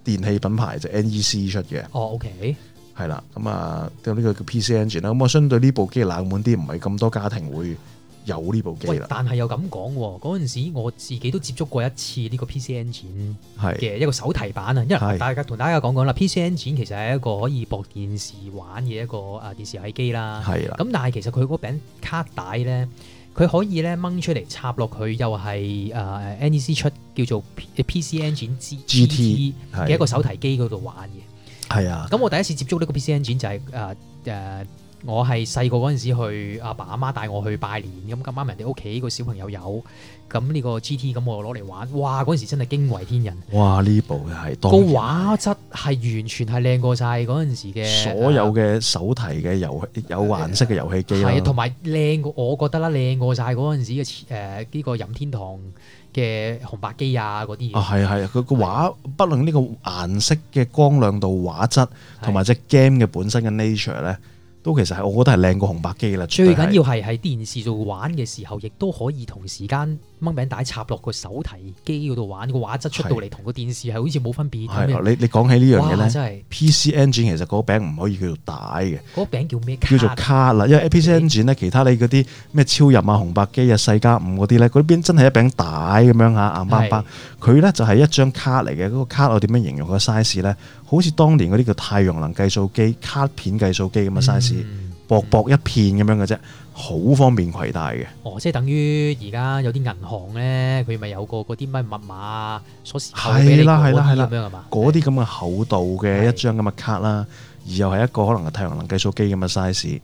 Speaker 1: 電器品牌，就 NEC 出嘅。哦、oh，OK，係啦，咁啊，呢個叫 PC Engine 啦。咁我相對呢部機冷門啲，唔係咁多家庭會。有呢部機但
Speaker 2: 係又咁講喎。嗰時我自己都接觸過一次呢個 PCN 展嘅一個手提版啊，是的 因為大家同是的 大家講講啦，PCN 展其實係一個可以播電視玩嘅一個啊電視睇機啦，係啦。咁但係其實佢嗰柄卡帶咧，佢可以咧掹出嚟插落去，又係啊 NEC 出叫做 PCN 展 G T 嘅一個手提機嗰度玩嘅。係啊。咁我第一次接觸呢個 PCN 展就係啊誒。呃呃我係細個嗰陣時去阿爸阿媽帶我去拜年，咁咁啱人哋屋企個小朋友有，咁呢個 G T 咁我攞嚟玩，哇！嗰陣時真係驚為天人。
Speaker 1: 哇！呢部係多個畫
Speaker 2: 質係完全係靚過晒嗰陣時嘅。所有
Speaker 1: 嘅手提嘅遊戲有顏色嘅遊戲機，係同埋
Speaker 2: 靚。我覺得啦，靚過晒嗰陣時嘅誒呢個任天堂嘅紅白機啊嗰啲嘢。係
Speaker 1: 啊係啊，佢個畫，不論呢個顏色嘅光亮度、畫質，同埋隻 game 嘅本身嘅 nature 咧。都其實係，我覺得係靚過紅白機啦。係最緊要係喺
Speaker 2: 電視度玩嘅時候，亦都可以同時間掹餅帶插落個手提機嗰度玩，個畫質出到嚟同個電視係好似冇分別。係啊，你
Speaker 1: 你講起呢樣嘢咧，PC Engine 其實嗰餅唔可以叫做帶嘅。
Speaker 2: 嗰餅叫咩？叫做
Speaker 1: 卡啦，卡，因為 PC Engine 咧，其他你嗰啲咩超人啊、紅白機啊、世嘉五嗰啲咧，嗰邊真係一餅帶咁樣嚇啊！硬巴巴佢咧就係一張卡嚟嘅，嗰、嗰個卡我點樣形容個 size 咧？好似當年嗰啲叫太陽能計數機、卡片計數機咁嘅 size。嗯薄薄一片咁樣嘅啫，好、嗯、方便攜帶
Speaker 2: 嘅。哦，即係等於而家有啲銀行咧，佢咪有個嗰啲咩密碼鎖匙俾你咁樣係嘛？
Speaker 1: 嗰啲咁嘅厚度嘅的一張咁嘅卡啦，而又係一個可能係太陽能計數機咁嘅 size。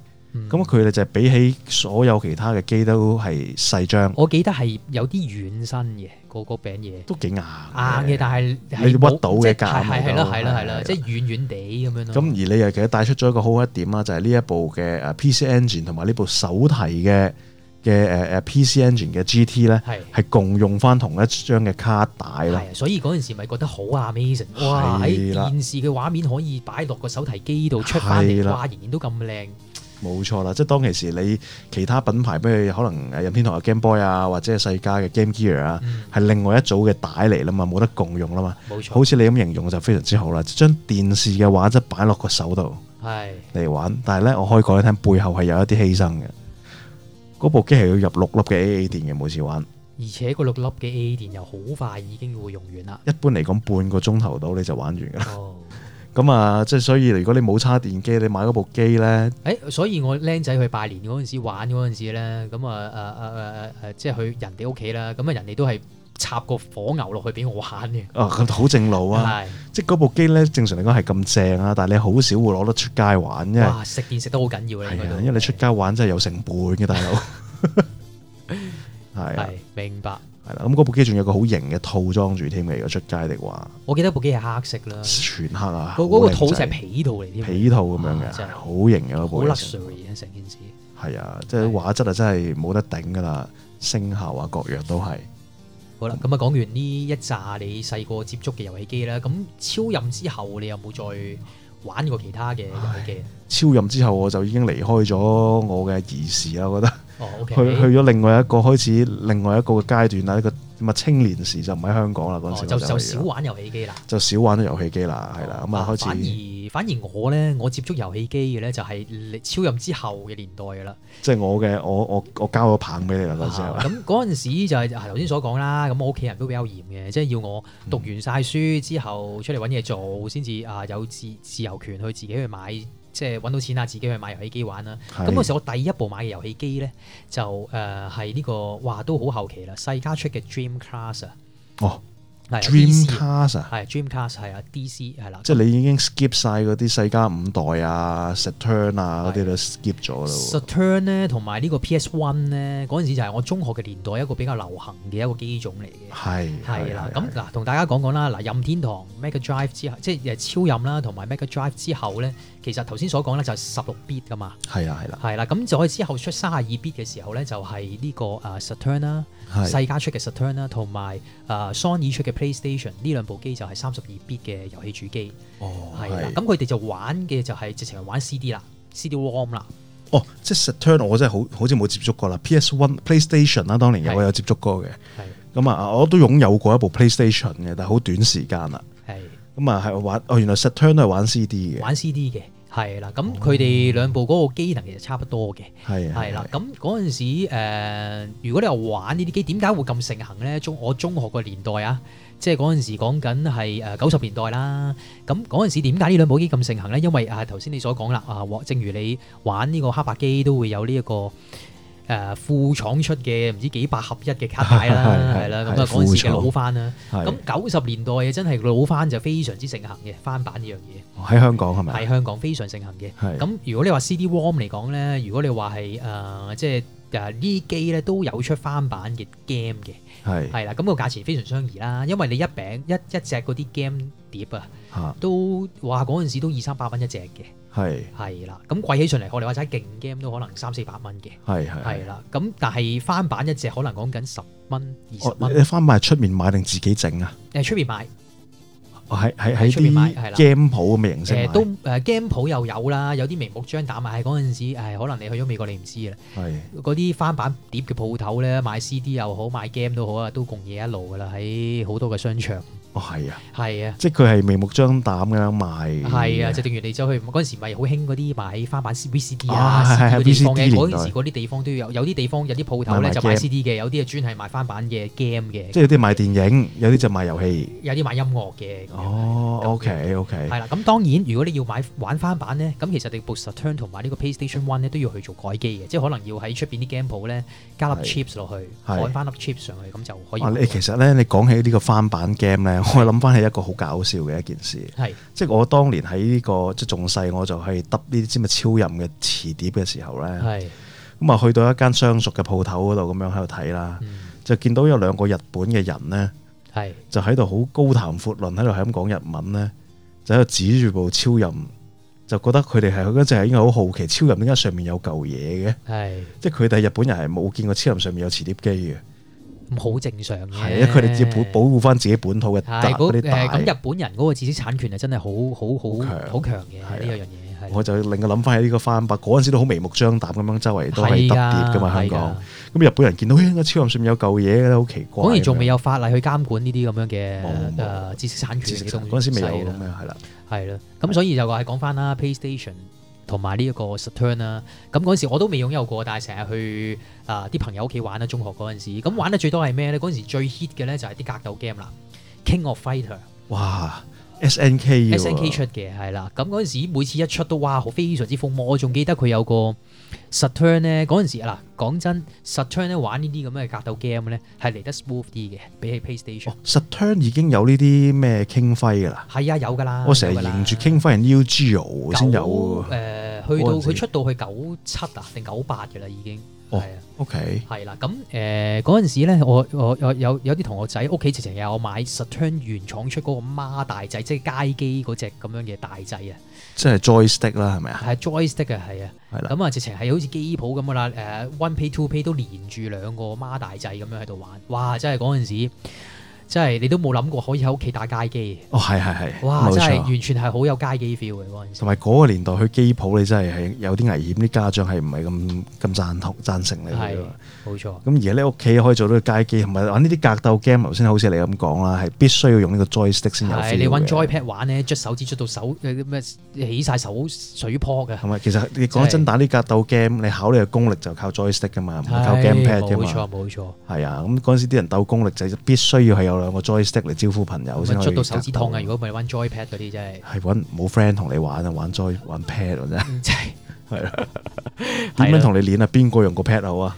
Speaker 1: 咁佢哋就係比起所有其他嘅機都係細張。我記得係
Speaker 2: 有啲軟身嘅個個餅嘢，
Speaker 1: 都幾硬
Speaker 2: 硬嘅，但係係屈到嘅架，係咯係咯係咯，即係軟軟地咁樣咯。咁
Speaker 1: 而你又其實帶出咗一個好一點啊，就係呢一部嘅 PC Engine 同埋呢部手提嘅嘅 PC Engine 嘅 GT 咧，係係共用翻同一張嘅卡帶啦，所
Speaker 2: 以嗰陣時咪覺得好 Amazing，哇！喺電視嘅畫面可以擺落個手提機度出嚟，哇，仍然都咁靚。
Speaker 1: 冇錯啦，即係當其時你其他品牌譬如可能任天堂嘅 Game Boy 啊，或者係世嘉嘅 Game Gear 啊，係另外一組嘅帶嚟啦嘛，冇得共用啦嘛。冇錯，好似你咁形容就非常之好啦，將電視嘅畫質擺落個手度，係嚟玩。但係呢，我可以講你聽，背後係有一啲犧牲嘅。嗰部機係要入六粒嘅 AA 電嘅，每次玩。
Speaker 2: 而且個六粒嘅 AA 電又好快已經會用完啦。
Speaker 1: 一般嚟講，半個鐘頭到你就玩完㗎啦。咁啊，即係所以如果你冇叉電機，你買嗰部機咧，
Speaker 2: 誒，所以我僆仔去拜年嗰陣時玩嗰陣時咧，咁啊，誒誒誒誒，即係去人哋屋企啦，咁啊，人哋都係插個火牛落去俾我玩嘅。哦，
Speaker 1: 咁好正路啊！係，即係嗰部機咧，正常嚟講係咁正啊，但係你好少會攞得出街玩，因為
Speaker 2: 食電食得好緊要啊，係啊，因
Speaker 1: 為你出街玩真係有成本嘅大佬，係明白。係啦，咁嗰部機仲有個好型嘅套裝住添嘅。如果出街的話，
Speaker 2: 我記得部機係黑色啦，全黑啊，嗰嗰個套係皮套嚟添，皮套咁樣嘅，好型嘅嗰部機，好 luxury 啊成件事。
Speaker 1: 係啊，即係畫質啊，真係冇得頂噶啦，聲效啊各樣都係。
Speaker 2: 好啦，咁啊講完呢一紮你細個接觸嘅遊戲機啦，咁超任之後你有冇再玩過其他嘅遊戲機？
Speaker 1: 超任之後我就已經離開咗我嘅兒時啦，我覺得。佢、哦 okay，去咗另外一個開始，另外一個嘅階段啊，一個咪青年時就唔喺香港啦。嗰、哦、時就少玩遊戲機啦，就少玩咗遊戲機啦，係啦。咁啊開始
Speaker 2: 反。反而我咧，我接觸遊戲機嘅咧就係超任之後嘅年代噶啦。
Speaker 1: 即係我嘅，我我我交個棒俾你啦。嗰陣時咁
Speaker 2: 嗰陣時就係頭先所講啦。咁我屋企人都比較嚴嘅，即、就、係、是、要我讀完晒書之後出嚟揾嘢做先至啊，有自自由權去自己去買。即係揾到錢啦，自己去買遊戲機玩啦。咁嗰是的 時我第一部買嘅遊戲機呢、這個，就誒係呢個話都好後期啦，世嘉出嘅 Dreamcast。哦 Dreamcast 啊，係 Dreamcast 係啊，DC 係啦，即係
Speaker 1: 你已經 skip 晒嗰啲世嘉五代啊、Saturn 啊嗰啲的都 skip 咗咯。
Speaker 2: Saturn 咧同埋呢個 PS One 咧，嗰陣時就係我中學嘅年代一個比較流行嘅一個機種嚟嘅。係係啦，咁嗱，同大家講講啦，嗱，任天堂 Megadrive 之後，即係超任啦，同埋 Megadrive 之後咧，其實頭先所講咧就係十六 bit 噶嘛。
Speaker 1: 係啊，係啦。
Speaker 2: 係啦，咁就可以之後出三十二 bit 嘅時候咧，就係呢個誒 Saturn 啦。是世嘉出嘅 Saturn 啦，同埋啊 Sony 出嘅 PlayStation，呢兩部機就係三十二 bit 嘅遊戲主機。哦，係啦，咁佢哋就玩嘅就係直情係玩 CD 啦，CD ROM 啦。
Speaker 1: 哦，即係 Saturn，我真係好好似冇接觸過啦。PS One，PlayStation 啦，當年有是我有接觸過嘅。咁啊是，我都擁有過一部 PlayStation 嘅，但係好短時間啦。係是。咁啊，係玩哦，原來 Saturn 都係玩 CD 嘅。玩 CD 嘅。
Speaker 2: 係啦，咁佢哋兩部嗰個機能其實差不多嘅。係係啦，咁嗰陣時誒，如果你又玩呢啲機，點解會咁盛行咧？中我中學個年代啊，即係嗰陣時講緊係誒九十年代啦。咁嗰陣時點解呢兩部機咁盛行咧？因為啊頭先你所講啦啊，正如你玩呢個黑白機都會有呢一個。誒副廠出嘅唔知幾百合一嘅卡帶啦，係啦，咁啊嗰陣時嘅老翻啦。咁九十年代嘅真係老翻就非常之盛行嘅翻版呢樣嘢。
Speaker 1: 喺香港係咪？喺
Speaker 2: 香港非常盛行嘅。咁如果你話 CD warm 嚟講咧，如果你話係誒，即係誒呢機咧都有出翻版嘅 game 嘅。係係啦，咁個價錢非常相宜啦，因為你一餅一一隻嗰啲 game 碟啊，都話嗰陣時都二三百蚊一隻嘅。係係啦，咁貴起上嚟，我哋話齋勁 game 都可能三四百蚊嘅，係係啦，咁但係翻版一隻可能講緊十蚊二十蚊。你
Speaker 1: 翻版係出面買定自己整啊？
Speaker 2: 誒出面買，
Speaker 1: 喺喺出面買，係啦。game 鋪咁嘅形式都
Speaker 2: 誒 game 鋪又有啦，有啲明目張膽。嗰陣時誒，可能你去咗美國你唔知嘅。係嗰啲翻版碟嘅鋪頭咧，買 CD 又好，買 game 都好啊，都共嘢一路噶啦，喺好多嘅商場。哦，係啊，係啊，即
Speaker 1: 係佢係明目張膽咁樣賣。係啊，就
Speaker 2: 例如你走去嗰陣時，咪好興嗰啲買翻版 VCD VCD 啊，嗰啲地方嗰陣時嗰啲地方都有，有啲地方有啲鋪頭咧就買 C D 嘅，有啲啊專係賣翻版嘅 game 嘅。即係
Speaker 1: 有啲賣電影，有啲就賣遊戲，
Speaker 2: 有啲賣音樂嘅。哦
Speaker 1: ，OK OK。係啦，
Speaker 2: 咁當然如果你要買玩翻版咧，咁其實你部 Saturn 同埋呢個 PlayStation One 咧都要去做改機嘅，即係可能要喺出邊啲 game 鋪咧加粒 chips 落去，改翻粒 chips 上去咁就可以。你其
Speaker 1: 實咧，你講起呢個翻版 game 咧。我諗翻起一個好搞笑嘅一件事，係的即係我當年喺呢、這個即係仲細，我就係揼呢啲超任嘅磁碟嘅時候咧，咁啊的去到一間相熟嘅鋪頭嗰度，咁樣喺度睇啦，嗯、就見到有兩個日本嘅人咧的，就喺度好高談闊論喺度咁講日文咧，就喺度指住部超任，就覺得佢哋係嗰陣係應該好好奇超任點解上面有嚿嘢嘅，的即係佢哋日本人係冇見過超任上面有磁碟機嘅。好正常嘅，係啊！佢哋只保保護翻自己本土嘅嗰啲咁，日
Speaker 2: 本人嗰個知識產權啊，真係好好好強好強嘅呢
Speaker 1: 樣嘢。我就令佢諗翻起呢個翻白嗰陣時都好眉目張膽咁樣，周圍都係特別噶嘛香港。咁日本人見到，咦，個超人上面有嚿嘢好奇怪。嗰時仲未
Speaker 2: 有法例去監管呢啲咁樣嘅知識產權嘅東西。嗰時未有咩係啦，係啦。咁所以就係講翻啦，PlayStation。同埋呢一個 Saturn 啦，咁嗰陣時我都未擁有過，但係成日去啊啲、呃、朋友屋企玩啦。中學嗰陣時，咁玩得最多係咩咧？嗰陣時最 hit 嘅咧就係啲格鬥 game 啦，King of Fighter。
Speaker 1: 哇，SNK，SNK 出
Speaker 2: 嘅係啦。咁嗰陣時每次一出都哇，好非常之風魔。我仲記得佢有個 Saturn 咧，嗰陣時啊，嗱講真，Saturn 咧玩呢啲咁嘅格鬥 game 咧係嚟得 smooth 啲嘅，比起 PlayStation。
Speaker 1: Saturn、哦、已經有呢啲咩 king fight 噶啦，
Speaker 2: 係啊，有㗎啦。我成日迎
Speaker 1: 住 king fight 嘅 UZO 先有
Speaker 2: 去到佢時出到去九七啊定九八嘅啦，已經係、哦、啊，OK 係啦、啊。咁誒嗰陣時咧，我我有有啲同學仔屋企直情有買 Saturn 原廠出嗰個孖大仔，即係街機嗰隻咁樣嘅大仔啊，
Speaker 1: 即係 Joystick 啦，係咪啊？係
Speaker 2: Joystick 啊，係啊，係
Speaker 1: 啦。咁啊，直情係好
Speaker 2: 似機鋪咁噶啦，誒 One Pay Two Pay 都連住兩個孖大仔咁樣喺度玩，哇！真係嗰陣時。即係你都冇諗過可以喺屋企打街機。哦，係係係。
Speaker 1: 哇，冇錯。真係
Speaker 2: 完全係好有街機 feel 嘅。
Speaker 1: 同埋嗰個年代去機鋪，你真係係有啲危險，啲家長係唔係咁咁贊同贊成你。冇錯，咁而家你屋企可以做到個街機，同埋玩呢啲格鬥 game，頭先好似你咁講啦，係必須要用呢個 joystick 先有 feel 嘅。係你玩
Speaker 2: JoyPad 玩咧，捽手指捽到手，有啲咩起晒手水泡嘅。係咪？其實你講真，
Speaker 1: 打呢格鬥 game，你考你嘅功力就靠 joystick 噶嘛，唔係靠 gamepad 嘅嘛。冇錯，冇錯。係啊，咁嗰陣時啲人鬥功力就必須要係有兩個 joystick 嚟招呼朋友先可以捽到手指
Speaker 2: 痛嘅，如果唔係玩 JoyPad 嗰啲真係
Speaker 1: 係搵冇 friend 同你玩啊，玩 jo 玩 pad 啫，係啦。點樣同你練啊？邊個
Speaker 2: 用個 pad 好啊？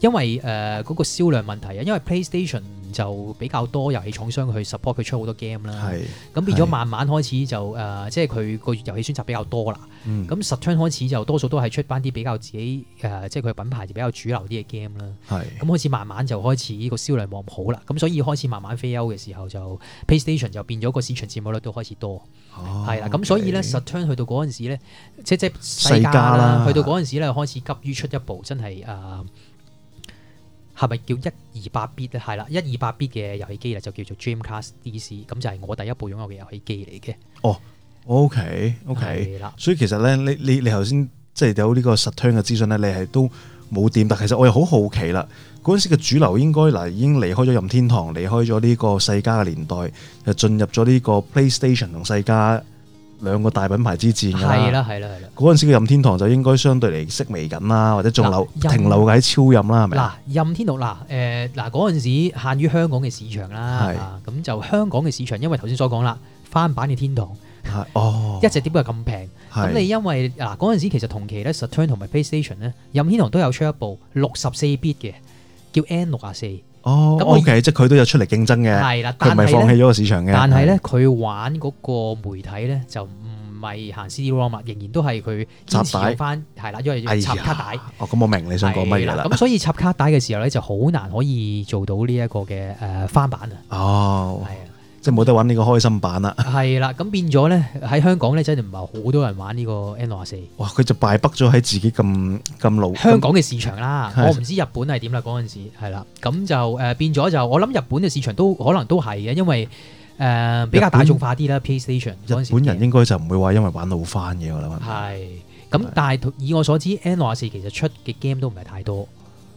Speaker 2: 因為誒嗰、呃那個銷量問題啊，因為 PlayStation 就比較多遊戲廠商去 support 佢出好多 game 啦，咁是變咗慢慢開始就誒是、呃，即係佢個遊戲選擇比較多啦。咁、嗯、Saturn 開始就多數都係出翻啲比較自己誒、呃，即係佢品牌比較主流啲嘅 game 啦。咁是開始慢慢就開始個銷量冇咁好啦，咁所以開始慢慢 fail 嘅時候就 PlayStation 就變咗個市場佔有率都開始多，係啦。咁所以咧 Saturn okay, 去到嗰陣時咧，即即世嘉啦，去到嗰陣時咧開始急於出一部真係係咪叫一二八 bit 咧？係啦，一二八 bit 嘅遊戲機咧就叫做 Dreamcast DC，咁就係我第一部擁有嘅遊戲機嚟嘅。
Speaker 1: 哦，OK，OK，所以其實咧，你你你頭先即係有呢個 Saturn 嘅資訊咧，你係都冇掂。但其實我又好好奇啦，嗰陣時嘅主流應該嗱已經離開咗任天堂，離開咗呢個世嘉嘅年代，就進入咗呢個 PlayStation 同世嘉兩個大品牌之戰。係啦，係啦，係啦。嗰陣時嘅任天堂就應該相對嚟式微緊啦，或者仲留停留喺超任啦，係咪啊？嗱，
Speaker 2: 任天堂嗱，誒嗱嗰陣時限於香港嘅市場啦，咁就香港嘅市場，因為頭先所講啦，翻版嘅天堂，
Speaker 1: 哦，一隻
Speaker 2: 碟又咁平，咁你因為嗱嗰陣時其實同期咧，Saturn 同埋 PlayStation 咧，任天堂都有出一部六十四 bit 嘅叫 N 六十四，
Speaker 1: 哦，咁 OK，即係佢都有出嚟競爭嘅，係啦，佢唔係放棄咗個市場嘅，但係咧佢
Speaker 2: 玩嗰個媒體咧就。咪行 CD-ROM 啊，OM, 仍然都係佢堅持翻，係啦帶，因為插卡帶。
Speaker 1: 哎、哦，咁我明你想講乜嘢啦。咁
Speaker 2: 所以插卡帶嘅時候咧，就好難可以做到呢、這、一個嘅誒、呃、翻版啊。
Speaker 1: 哦，係啊的，即係冇得玩呢個開心版啦。
Speaker 2: 係啦，咁變咗咧喺香港咧，真係唔係好多人玩呢個 N64。
Speaker 1: 哇，佢就敗北咗喺自己咁咁老香港嘅市
Speaker 2: 場啦的、呃。我唔知日本係點啦，嗰陣時係啦，咁就誒變咗就我諗日本嘅市場都可能都係嘅，因為。誒、嗯、比較大眾化啲啦，PlayStation。日
Speaker 1: 本人應該就唔會話因為玩老翻嘅，我諗係
Speaker 2: 咁，但係以我所知，N64 其實出嘅 game 都唔係太多。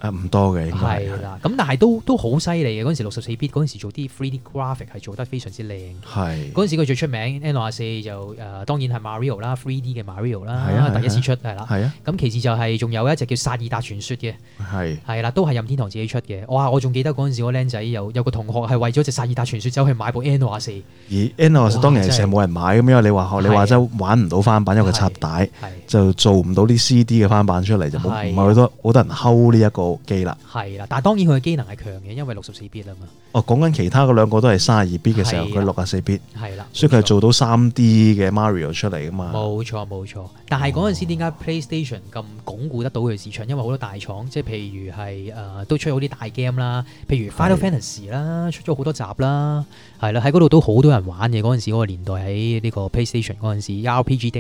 Speaker 1: 唔多嘅，係啦。
Speaker 2: 咁但係都都好犀利嘅。嗰陣時六十四 bit，嗰時做啲 three D graphic 係做得非常之靚。係。嗰陣時佢最出名 N 六十四就誒，當然係 Mario 啦，three D 嘅 Mario 啦，第一次出係啦。係啊。咁其次就係仲有一隻叫薩爾達傳說嘅。係。係啦，都係任天堂自己出嘅。我話我仲記得嗰陣時個僆仔有有個同學係為咗隻薩爾達傳說走去買部 N 六十
Speaker 1: 四。而 N 六十四當然係成日冇人買咁樣，你話學你話齋玩唔到翻版，因為佢插帶。就做唔到啲 CD 嘅翻版出嚟，啊、就唔係好多好多人睺呢一個機啦。
Speaker 2: 係啦、啊，但係當然佢嘅機能係強嘅，因為六十四 bit 啊嘛。
Speaker 1: 哦，講緊其他嗰兩個都係卅二 bit 嘅時候，佢六十四 bit 係啦、啊，所以佢係做到三 D 嘅 Mario 出嚟啊嘛。冇
Speaker 2: 錯冇錯，但係嗰陣時點解 PlayStation 咁鞏固得到佢市場？哦、因為好多大廠，即係譬如係誒都出咗啲大 game 啦，譬如，呃、如 Final Fantasy 啦，啊、出咗好多集啦，係啦、啊，喺嗰度都好多人玩嘅，嗰陣時嗰個年代，喺呢個 PlayStation 嗰陣時 RPG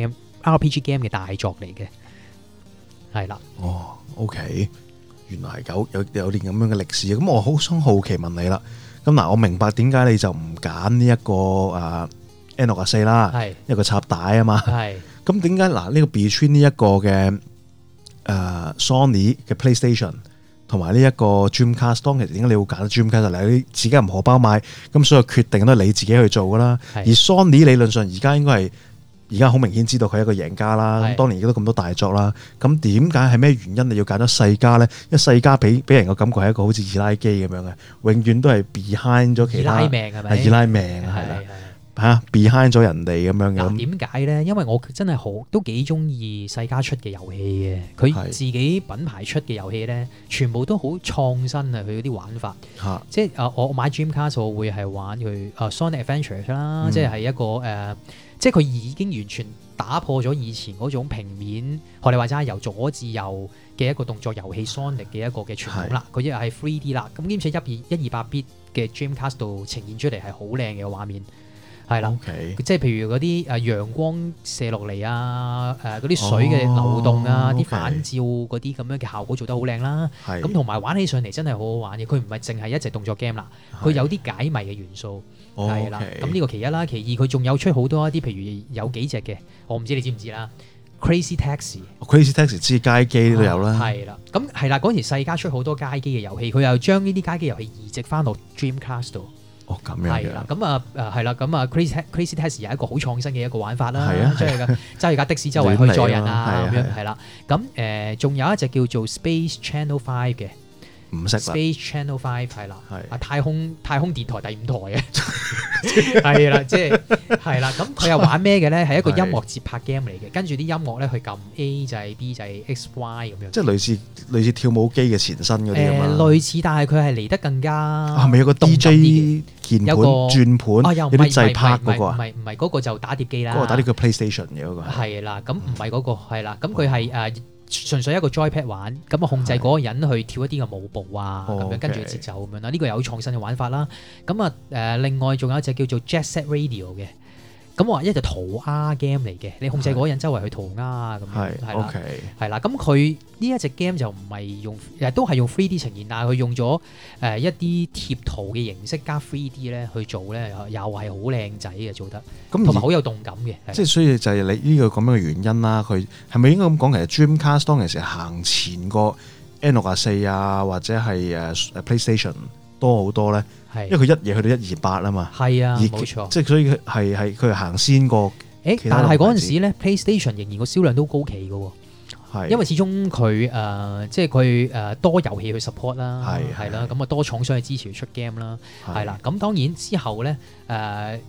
Speaker 2: RPG game 嘅大作嚟嘅，係啦。哦、oh，OK，
Speaker 1: 原來係有有有啲咁樣嘅歷史，咁我好想好奇問你啦。咁嗱，我明白點解你就唔揀呢一個誒、呃、N 六啊四啦，係是一個插帶啊嘛。係是。咁點解嗱呢個 B 群呢一個嘅誒、呃、Sony 嘅 PlayStation 同埋呢一個 Dreamcast，其實點解你會揀 Dreamcast？你自家唔可包買，咁所以決定都係你自己去做噶啦。是而 Sony 理論上而家應該係。而家好明顯知道佢係一個贏家啦。咁是的 當年亦都咁多大作啦。咁點解係咩原因你要揀咗世嘉咧？因為世嘉俾俾人個感覺係一個好似二奶機咁樣嘅，永遠都係 behind 咗其他二奶命係咪？二奶命係啦 behind 咗人哋咁樣嘅。點解咧？因為我
Speaker 2: 真係好都幾鍾意世嘉出嘅遊戲嘅。佢自己品牌出嘅遊戲咧，全部都好創新啊！佢嗰啲玩法，的即係啊，我買 Dreamcast 會係玩佢 Sonic Adventure 啦，嗯、即係係一個誒。呃即係佢已經完全打破咗以前嗰種平面，學你話齋由左至右嘅一個動作遊戲 Sonic 嘅一個嘅傳統啦，佢一係 3D 啦，咁兼且一二一二八 bit 嘅 Dreamcast 度呈現出嚟係好靚嘅畫面。係啦，Okay. 即係譬如嗰啲啊陽光射落嚟啊，嗰、啊、啲水嘅流動啊，啲、oh, okay. 反照嗰啲咁樣嘅效果做得好靚啦。咁同埋玩起上嚟真係好好玩嘅，佢唔係淨係一隻動作 game 啦，佢是有啲解謎嘅元素，
Speaker 1: 係、oh, 啦。
Speaker 2: 咁呢 okay. 個其一啦，其二佢仲有出好多一啲，譬如有幾隻嘅，我唔知你知唔知啦。Crazy Taxi，Crazy
Speaker 1: Taxi 知街機都有啦。係、啊、
Speaker 2: 啦，咁係啦，嗰時世嘉出好多街機嘅遊戲，佢又將呢啲街機遊戲移植翻落 Dreamcast 度。哦，咁樣，係係啦，咁啊，係啦，咁啊 Crazy Crazy Taxi 又一個好創新嘅一個玩法啦，係出嚟嘅，即係而家的士周圍去載人啊，咁樣係啦，咁誒，仲有一隻叫做 Space Channel Five 嘅。唔識 Space Channel Five，係啦，係啊，太空太空電台第五台嘅，
Speaker 1: 係啦，即係係啦。咁佢又玩咩嘅咧？係一個音樂節拍
Speaker 2: game 嚟嘅，跟住啲音樂咧去撳 A 就係 B 就係 X Y 咁樣。即係
Speaker 1: 類似類似跳舞機嘅前身嗰啲啊嘛。誒類
Speaker 2: 似，但係佢係嚟得更加啊！係咪
Speaker 1: 有個 DJ 鍵盤轉盤，有啲節拍嗰個啊？唔係
Speaker 2: 唔係，嗰個就打碟機啦。嗰個打呢
Speaker 1: 個 PlayStation 嘅嗰個係
Speaker 2: 啦。咁唔係嗰個係啦。咁佢係誒。純粹一個 JoyPad 玩，咁啊控制嗰個人去跳一啲嘅舞步啊，咁樣跟住節奏咁樣啦，呢、這個有創新嘅玩法啦。咁啊另外仲有一隻叫做 Jet Set Radio 嘅。咁我話一隻塗鴉 game 嚟嘅，你控制嗰個人周圍去塗鴉啊咁樣，係啦是，係啦的，咁佢呢一隻 game 就唔係用，都係用 3D 呈現，但係佢用咗誒一啲貼圖嘅形式加 3D 咧去做咧，又係好靚仔嘅，做得，
Speaker 1: 咁同埋好有動
Speaker 2: 感嘅。即係而的
Speaker 1: 所以就係你呢個咁樣嘅原因啦。佢係咪應該咁講？其實 Dreamcast 當時行前個 N 六啊四啊，或者係誒 PlayStation 多好多咧？啊、因為佢一夜去到一二八啊嘛，係啊，冇其錯，即係所以佢係係佢行先過。誒，但係嗰陣時咧、嗯
Speaker 2: ，PlayStation 仍然個銷量都高企嘅喎，啊、因為始終佢誒、呃、即係佢誒多遊戲去 support 啦、啊，係啦、啊，咁啊多廠商去支持出 game 啦，係啦、啊，咁、啊、當然之後咧誒、呃、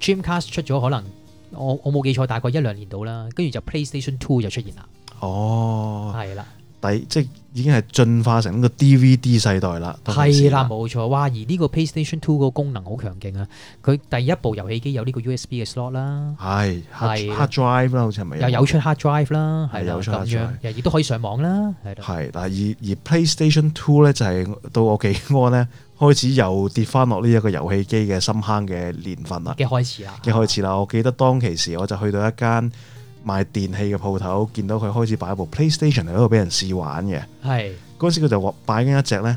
Speaker 2: Dreamcast 出咗可能我我冇記錯，大概一兩年到啦，跟住就 PlayStation Two 就出現啦，
Speaker 1: 哦，係啦、啊。即係已經係進化成呢個 DVD 世代啦。係啦的，冇
Speaker 2: 錯。哇！而呢個 PlayStation Two 個功能好強勁啊。佢第一部遊戲機有呢個 USB 嘅 slot 啦的。
Speaker 1: 係的，係。Hard drive 啦，好似係咪？又有出 hard drive 啦，係咁樣。
Speaker 2: 又亦都可以上網啦。
Speaker 1: 係。係，但而而 PlayStation Two 咧就係、是、到我技安中咧開始又跌翻落呢一個遊戲機嘅深坑嘅年份啦。嘅
Speaker 2: 開始啦。嘅
Speaker 1: 開始啦！的我記得當其時我就去到一間。賣電器嘅鋪頭見到佢開始擺部 PlayStation 喺度，俾人試玩嘅。係嗰時佢就話擺緊一隻咧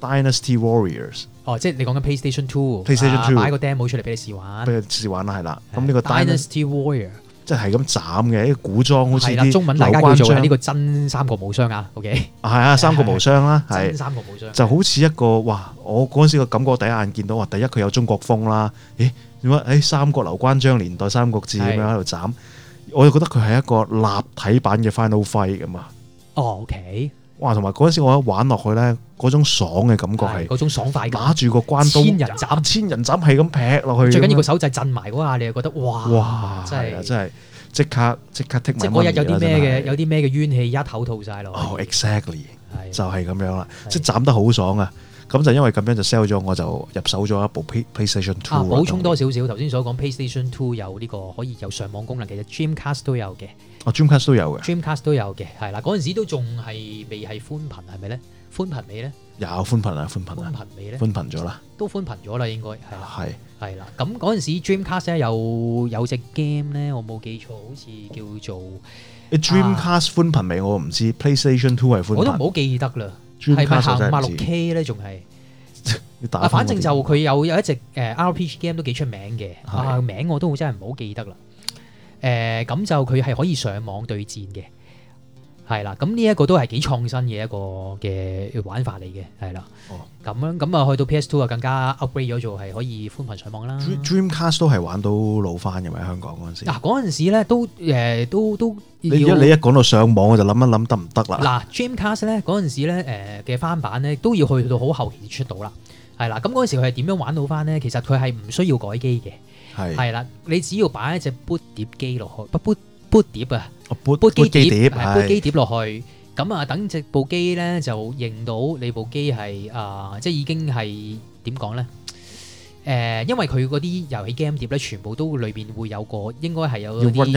Speaker 1: Dynasty Warriors。
Speaker 2: 哦，即係你講緊 PlayStation Two，PlayStation Two 擺個 demo 出嚟俾你試玩，俾
Speaker 1: 佢試玩啦，係啦。咁呢個 Dynasty Warrior 即係係咁斬嘅，一個古裝好似啲，中文大家做嘅呢個
Speaker 2: 真三國無雙啊，OK，
Speaker 1: 係啊，三國無雙啦，真三國無雙就好似一個哇，我嗰時個感覺，第一眼見到話，第一佢有中國風啦，咦，點解？誒，三國劉關張年代三國志咁樣喺度斬。我就覺得佢係一個立體版嘅 Final Fight 咁嘛，
Speaker 2: 哦，哦，OK，
Speaker 1: 哇！同埋嗰陣時我一玩落去咧，嗰種爽嘅感覺係嗰種爽快感，打住個關刀，千人斬，千人斬係咁劈落去，最緊要個手掣震埋，下，你就覺得哇哇，哇真係是真係即刻即刻剔埋，即係嗰日有啲咩嘅
Speaker 2: 有啲咩嘅怨氣一口吐晒落。
Speaker 1: 哦，exactly，的就係咁樣啦，即係的斬得好爽啊！咁就因為咁樣就 sell 咗，我就入手咗一部 PlayStation Two。啊，補充多
Speaker 2: 少少頭先所講 PlayStation Two 有呢個可以有上網功能，其實 Dreamcast 都有嘅。
Speaker 1: 哦，Dreamcast 都有嘅。
Speaker 2: Dreamcast 都有嘅，係啦，嗰陣時都仲係未係寬頻，係咪咧？寬頻未咧？
Speaker 1: 有寬頻啦，寬頻啦。寬頻未咧？寬頻咗啦。
Speaker 2: 都寬頻咗啦，應該係。
Speaker 1: 係。係啦，咁
Speaker 2: 嗰陣時 Dreamcast 有有隻 game 咧，我冇記錯，好似叫做。
Speaker 1: The Dreamcast 寬頻未，我唔知 PlayStation Two 係寬頻。我都唔好
Speaker 2: 記得啦。
Speaker 1: 係咪行五六 K 咧？仲係。啊，反正就
Speaker 2: 佢有有一隻誒 RPG game 都幾出名嘅是的、啊，啊名我都真係唔好記得啦。誒、呃，咁就佢係可以上網對戰嘅。係啦，咁呢一個都係幾創新嘅一個嘅玩法嚟嘅，係啦。哦樣，咁樣咁啊，去到 PS Two 啊，更加 upgrade 咗做，係可以寬
Speaker 1: 頻上網啦。Dreamcast 都係玩到老翻嘅，咪喺香港嗰陣時。嗱、啊，嗰時咧都、呃、
Speaker 2: 都都你，你一你一
Speaker 1: 講到上網，我就諗一諗得唔得啦。嗱、
Speaker 2: 啊、Dreamcast 咧嗰陣時咧嘅翻版咧都要去到好後期出到啦。係啦，咁嗰陣時佢係點樣玩到翻咧？其實佢係唔需要改機嘅。係。係啦，你只要擺一隻 boot 碟的 boot, boot 碟機落去 boot 碟啊。杯機、哦、碟，杯機碟落、呃、去，咁啊是等隻部機咧就認到你部機係啊，即係已經係點講咧？誒、呃，因為佢嗰啲遊戲 game 碟咧，全部都裏邊會有個應該係有個認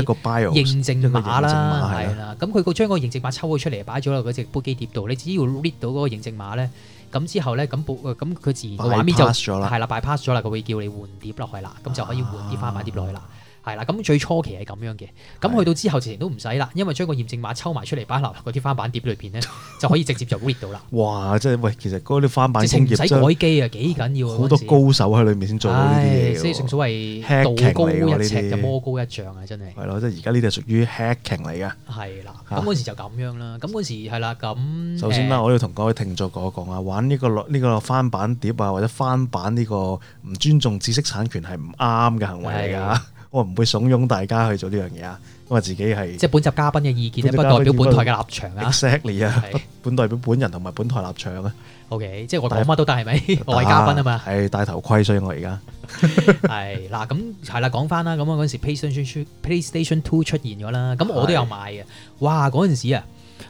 Speaker 2: 證碼啦，係啦。咁佢個將個認證碼抽咗出嚟擺咗落嗰隻杯機碟度，你只要 read 到嗰個認證碼咧，咁之後咧咁咁佢自然個畫面就係啦，by pass 咗啦，佢了會叫你換碟落去啦，咁、啊、就可以換啲花板碟落去啦。係啦，咁最初期係咁樣嘅，咁去到之後自然都唔使啦，因為將個驗證碼抽埋出嚟擺落嗰啲翻版碟裏邊咧， 就可以直接就 read 到啦。
Speaker 1: 哇！即係喂，其實嗰啲翻版工業唔使改機啊，幾緊要啊！好多高手喺裏面先做到呢啲嘢。即係正所謂 H acking 道高一尺，這些就魔
Speaker 2: 高一丈啊！真係。
Speaker 1: 係咯，即係而家呢啲係屬於 hacking 嚟㗎。係啦，咁嗰時就
Speaker 2: 咁樣啦。咁嗰時係啦，咁首先啦，呃、我要
Speaker 1: 同各位聽眾講一講啊，玩呢、這個呢、這個這個翻版碟啊，或者翻版呢個唔尊重知識產權係唔啱嘅行為嚟㗎。我唔會慫恿大家去做呢樣嘢啊！我自己係即係
Speaker 2: 本集嘉賓嘅意見咧，不代表本台嘅立
Speaker 1: 場啊。Exactly 啊的，本代表本人同埋本台立場啊咩？OK，即係我講乜都得係咪？我係嘉賓啊嘛，係打戴頭盔，所以我而家
Speaker 2: 係嗱咁係啦，講翻啦咁啊，嗰陣時 PlayStation Two 出現咗啦，咁我都有買嘅。哇是的！嗰陣時啊，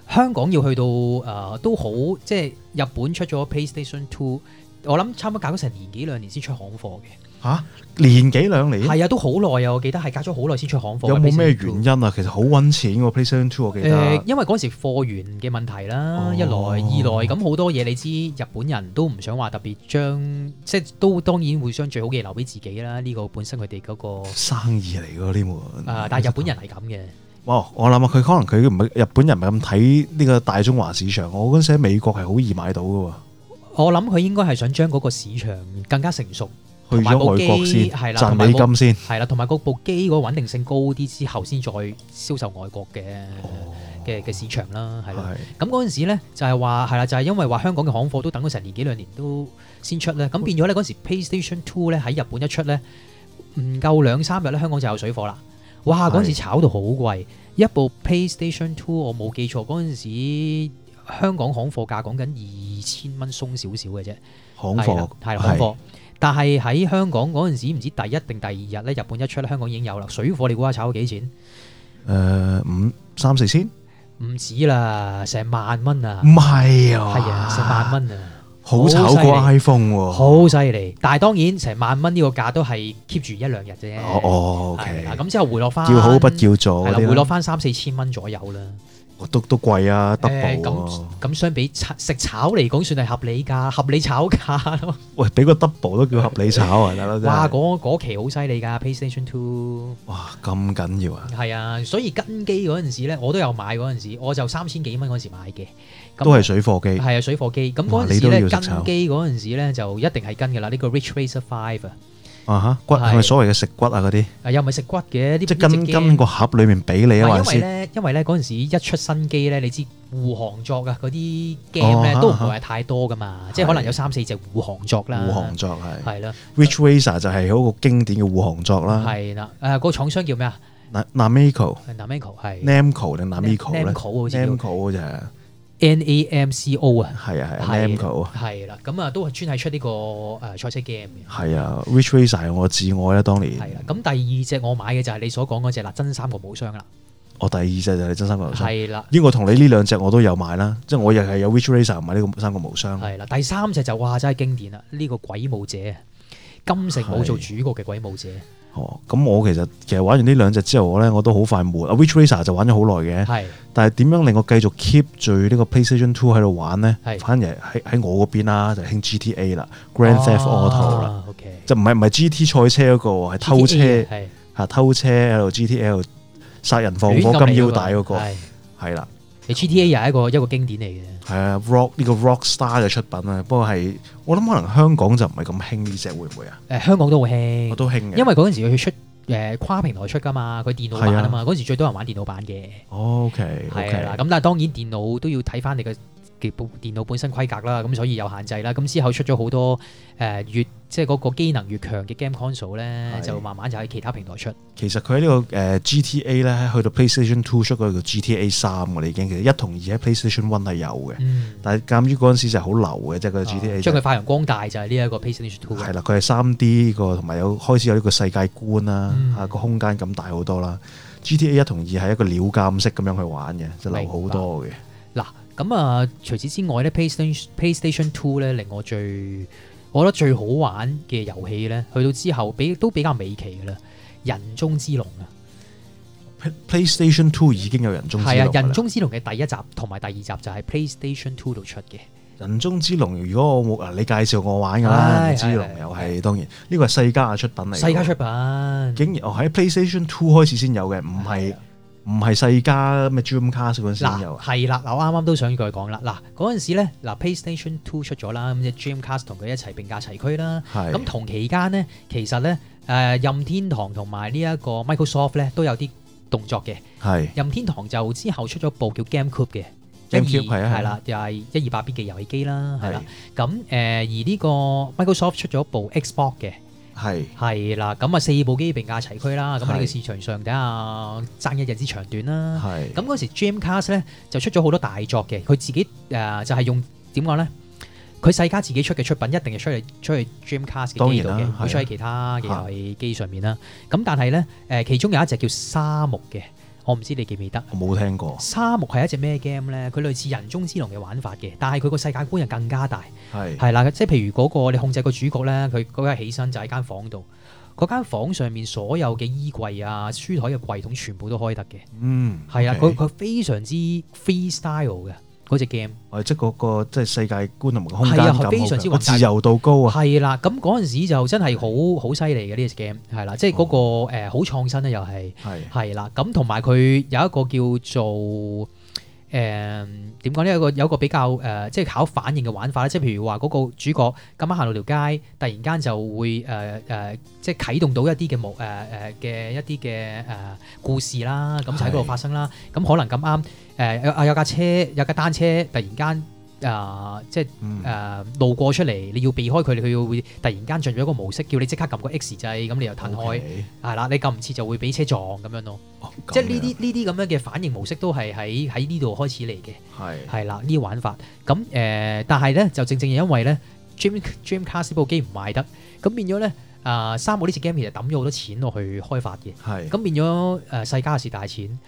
Speaker 2: 香港要去到誒、呃、都好，即係日本出咗 PlayStation Two。我諗差唔多搞咗成年幾兩年先出行貨嘅、啊，
Speaker 1: 嚇年幾兩年？係啊，都
Speaker 2: 好耐啊！我記得係隔咗好耐先出行貨嘅。有冇咩
Speaker 1: 原因啊？其實好揾錢個 PlayStation Two，我記得。因
Speaker 2: 為嗰時貨源嘅問題啦，哦、一來二來，咁好多嘢你知，日本人都唔想話特別將，即係都當然會將最好嘅嘢留俾自己啦。呢、呢個本身佢哋嗰個生意嚟噶呢門。但係日本人係咁嘅。
Speaker 1: 我諗啊，佢可能佢唔係日本人唔係咁睇呢個大中華市場。我嗰陣時喺美國係好易買到噶。
Speaker 2: 我諗佢應該係想將嗰個市場更加成熟，
Speaker 1: 去咗外國先，賺機美金先，
Speaker 2: 係啦，同埋嗰部機嗰個穩定性高啲之後，先再銷售外國嘅嘅嘅市場啦，係啦。咁嗰陣時咧就係話係啦，就係、是、因為話香港嘅行貨都等咗成年幾兩年都先出咧，咁我變咗咧嗰時 PlayStation Two 咧喺日本一出咧，唔夠兩三日咧香港就有水貨啦。哇！嗰陣的時炒到好貴，一部 PlayStation Two 我冇記錯嗰陣時。香港行貨價講緊二千蚊鬆少少嘅啫，行貨係啦，行貨。但係喺香港嗰陣時，唔知第一定第二日咧，日本一出，香港已經有啦。水貨你估下炒咗幾錢？誒，五
Speaker 1: 三四千，
Speaker 2: 唔止啦，成萬蚊啊！唔係啊，係啊，成萬蚊啊！
Speaker 1: 好炒過 iPhone，好犀利。
Speaker 2: 但係當然成萬蚊呢個價都係 keep 住一兩日啫。哦哦
Speaker 1: ，OK。
Speaker 2: 咁之後回落翻，叫好不
Speaker 1: 叫做，係啦，回落翻
Speaker 2: 三四千蚊左右啦。
Speaker 1: 都都貴啊，double 咁
Speaker 2: 咁相比食炒嚟講，算係合理㗎，合理炒價
Speaker 1: 咯。喂，俾個 double 都叫合理炒啊！大佬 的，哇！
Speaker 2: 嗰期好犀利㗎，PlayStation Two。哇！
Speaker 1: 咁緊要啊！
Speaker 2: 係啊，所以跟機嗰陣時咧，我都有買嗰陣時，我就三千幾蚊嗰時買嘅。都係
Speaker 1: 水貨機。係、嗯、啊，水
Speaker 2: 貨機。咁嗰陣時咧，跟機嗰陣時咧，就一定係跟㗎啦。呢、這個 Ridge Racer Five 啊！
Speaker 1: 啊哈，骨係咪所謂嘅食骨啊嗰啲？啊又唔係食骨嘅，啲即係跟跟個盒裏面俾你啊，還是？因為
Speaker 2: 咧，因為咧嗰陣時一出新機咧，你知護航作啊，嗰啲 game 咧都唔會係太多噶嘛，即係可能有三四隻護航作啦。護航作係係咯
Speaker 1: ，Ridge Racer 就係一個經典嘅護航作啦。係
Speaker 2: 啦，誒，個廠商叫咩啊？Namico。Namico
Speaker 1: 係。Namco 定 Namico 咧？Namco 好似係。NAMCO 啊，係 AM 啊係，NAMCO
Speaker 2: 係啦，咁啊都係專係出呢個誒賽車 game
Speaker 1: 嘅。係啊 Ridge Racer 我至愛啦，當年。係啦、啊，
Speaker 2: 咁第二隻我買嘅就係你所講嗰隻啦，真三國無雙啦。
Speaker 1: 我第二隻就係真三國無雙，係啦、啊。應該同你呢兩隻我都有買啦，即係、嗯、我又係有 Ridge Racer 買呢個三國無雙。係啦，
Speaker 2: 第三隻就哇真係經典啦，呢、這個鬼武者金城武做主角嘅鬼武者。是啊
Speaker 1: 哦，咁我其實其實玩完呢兩隻之後咧，我都好快悶。啊 Ridge Racer 就玩咗好耐嘅，是但係點樣令我繼續 keep 住呢個 PlayStation Two 喺度玩呢？是反而喺喺我嗰邊啦，就興 GTA 啦，Grand Theft Auto 啦，啊 okay、就唔係唔係 GT 賽車嗰、那個，係 GTA, 偷車嚇是偷車喺度 GTL 殺人放火金腰帶嗰個，係、那個、啦。你 GTA 又係一個一個經典嚟嘅，係啊，Rock 呢個 Rockstar 嘅出品啊，不過係我諗可能香港就唔係咁興呢隻，會唔會啊？誒、呃，香港都好
Speaker 2: 興，我都興嘅，因為嗰陣時佢出誒、呃、跨平台出㗎嘛，佢電腦版啊嘛，嗰、啊、時候最多人玩電腦版嘅。OK，係啦，咁但係當然電腦都要睇返你嘅。部電腦本身規格啦，咁所以有限制啦。咁之後出咗好多誒越、呃、即係嗰個機能越強嘅 game console 咧，的就慢慢就喺其他平台出。
Speaker 1: 其實佢喺，這個呃、呢個誒 GTA 咧，去到 PlayStation Two 出嗰個 GTA 三，我哋已經其實一同二喺 PlayStation One 係有嘅。嗯、但係鑑於嗰陣時就係好流嘅，即係個 GTA 將、就、佢、是、
Speaker 2: 發揚光大就係呢一個 PlayStation Two 係啦。
Speaker 1: 佢係三 D、這個同埋有開始有呢個世界觀啦，吓個、嗯、空間咁大好多啦。GTA 一同二係一個鳥瞰式咁樣去玩嘅，就是、流好多嘅。
Speaker 2: 嗱。咁啊，除此之外咧 Play，PlayStation PlayStation Two 咧令我最，我覺得最好玩嘅遊戲咧，去到之後都比都比較美奇嘅啦，《人中之龍》啊。
Speaker 1: PlayStation Two 已經有人中之龍，係啊！人中
Speaker 2: 之龍嘅第一集同埋第二集就喺 PlayStation Two 度出嘅。
Speaker 1: 人中之龍，如果我冇啊你介紹我玩㗎啦，之龍又係當然，呢個係世嘉嘅出品嚟。世嘉出品，竟然我喺 PlayStation Two 開始先有嘅，唔係。唔係世嘉咩？Dreamcast 嗰陣時有
Speaker 2: 係啦，嗱我啱啱都想再講啦。
Speaker 1: 嗱嗰陣時咧，嗱
Speaker 2: PlayStation Two 出咗啦，咁即係 Dreamcast 同佢一齊並駕齊驅啦。咁是的 同期間咧，其實咧誒任天堂同埋呢一個 Microsoft 咧都有啲動作嘅。是的 任天堂就之後出咗部叫 GameCube 嘅，GameCube 係啦，又係一二八 B 嘅遊戲機啦，係啦是的。咁誒而呢個 Microsoft 出咗部 Xbox 嘅。係係啦，咁啊四部機並駕齊驅啦，咁喺個市場上梗下爭一日之長短啦。係咁嗰時 Dreamcast 咧就出咗好多大作嘅，佢自己誒就係用點講咧？佢世嘉自己出嘅出品一定係出去出喺 Dreamcast 嘅機度嘅，唔會出喺其他嘅機上面啦。咁的但係咧誒，其中有一隻叫沙木嘅。我唔知你記唔記
Speaker 1: 得，我冇聽過。
Speaker 2: 沙木係一隻咩 game 咧？佢類似人中之龍嘅玩法嘅，但係佢個世界觀又更加大。係係啦，即係譬如嗰個你控制個主角咧，佢嗰日起身就喺間房度，嗰間房上面所有嘅衣櫃啊、書台嘅櫃桶全部都開得嘅。
Speaker 1: 嗯，係啊的，佢佢
Speaker 2: 的非常之 free style 嘅。嗰隻
Speaker 1: game，即係嗰個即係世界
Speaker 2: 觀同埋空間感，非常之自由度高啊！係啦，咁嗰陣時就真係好好犀利嘅呢隻 game，係啦，即係嗰個誒好創新咧，又係係啦，咁同埋佢有一個叫做誒點講咧，有一個有一個比較誒即係考反應嘅玩法咧，即係譬如話嗰個主角咁啱行到條街，突然間就會誒誒即係啟動到一啲嘅幕誒誒嘅一啲嘅誒故事啦，咁就喺嗰度發生啦，咁可能咁啱。誒有啊，有架車有架單車，一單車突然間啊、呃、即係誒、呃、路過出嚟，你要避開佢，佢要會突然間進入一個模式，叫你即刻撳個 X 掣，咁你又褪開係啦 Okay.，你撳唔切就會俾車撞咁樣咯。哦、這樣即係呢啲呢啲咁樣嘅反應模式都係喺喺呢度開始嚟嘅係係啦呢玩法，咁誒、呃，但係咧就正正因為咧 Dream Dreamcast 部機唔賣得，咁變咗咧啊莎木呢隻 game、呃、其實抌咗好多錢落去開發嘅係，咁是變咗誒、呃、世嘉事大錢。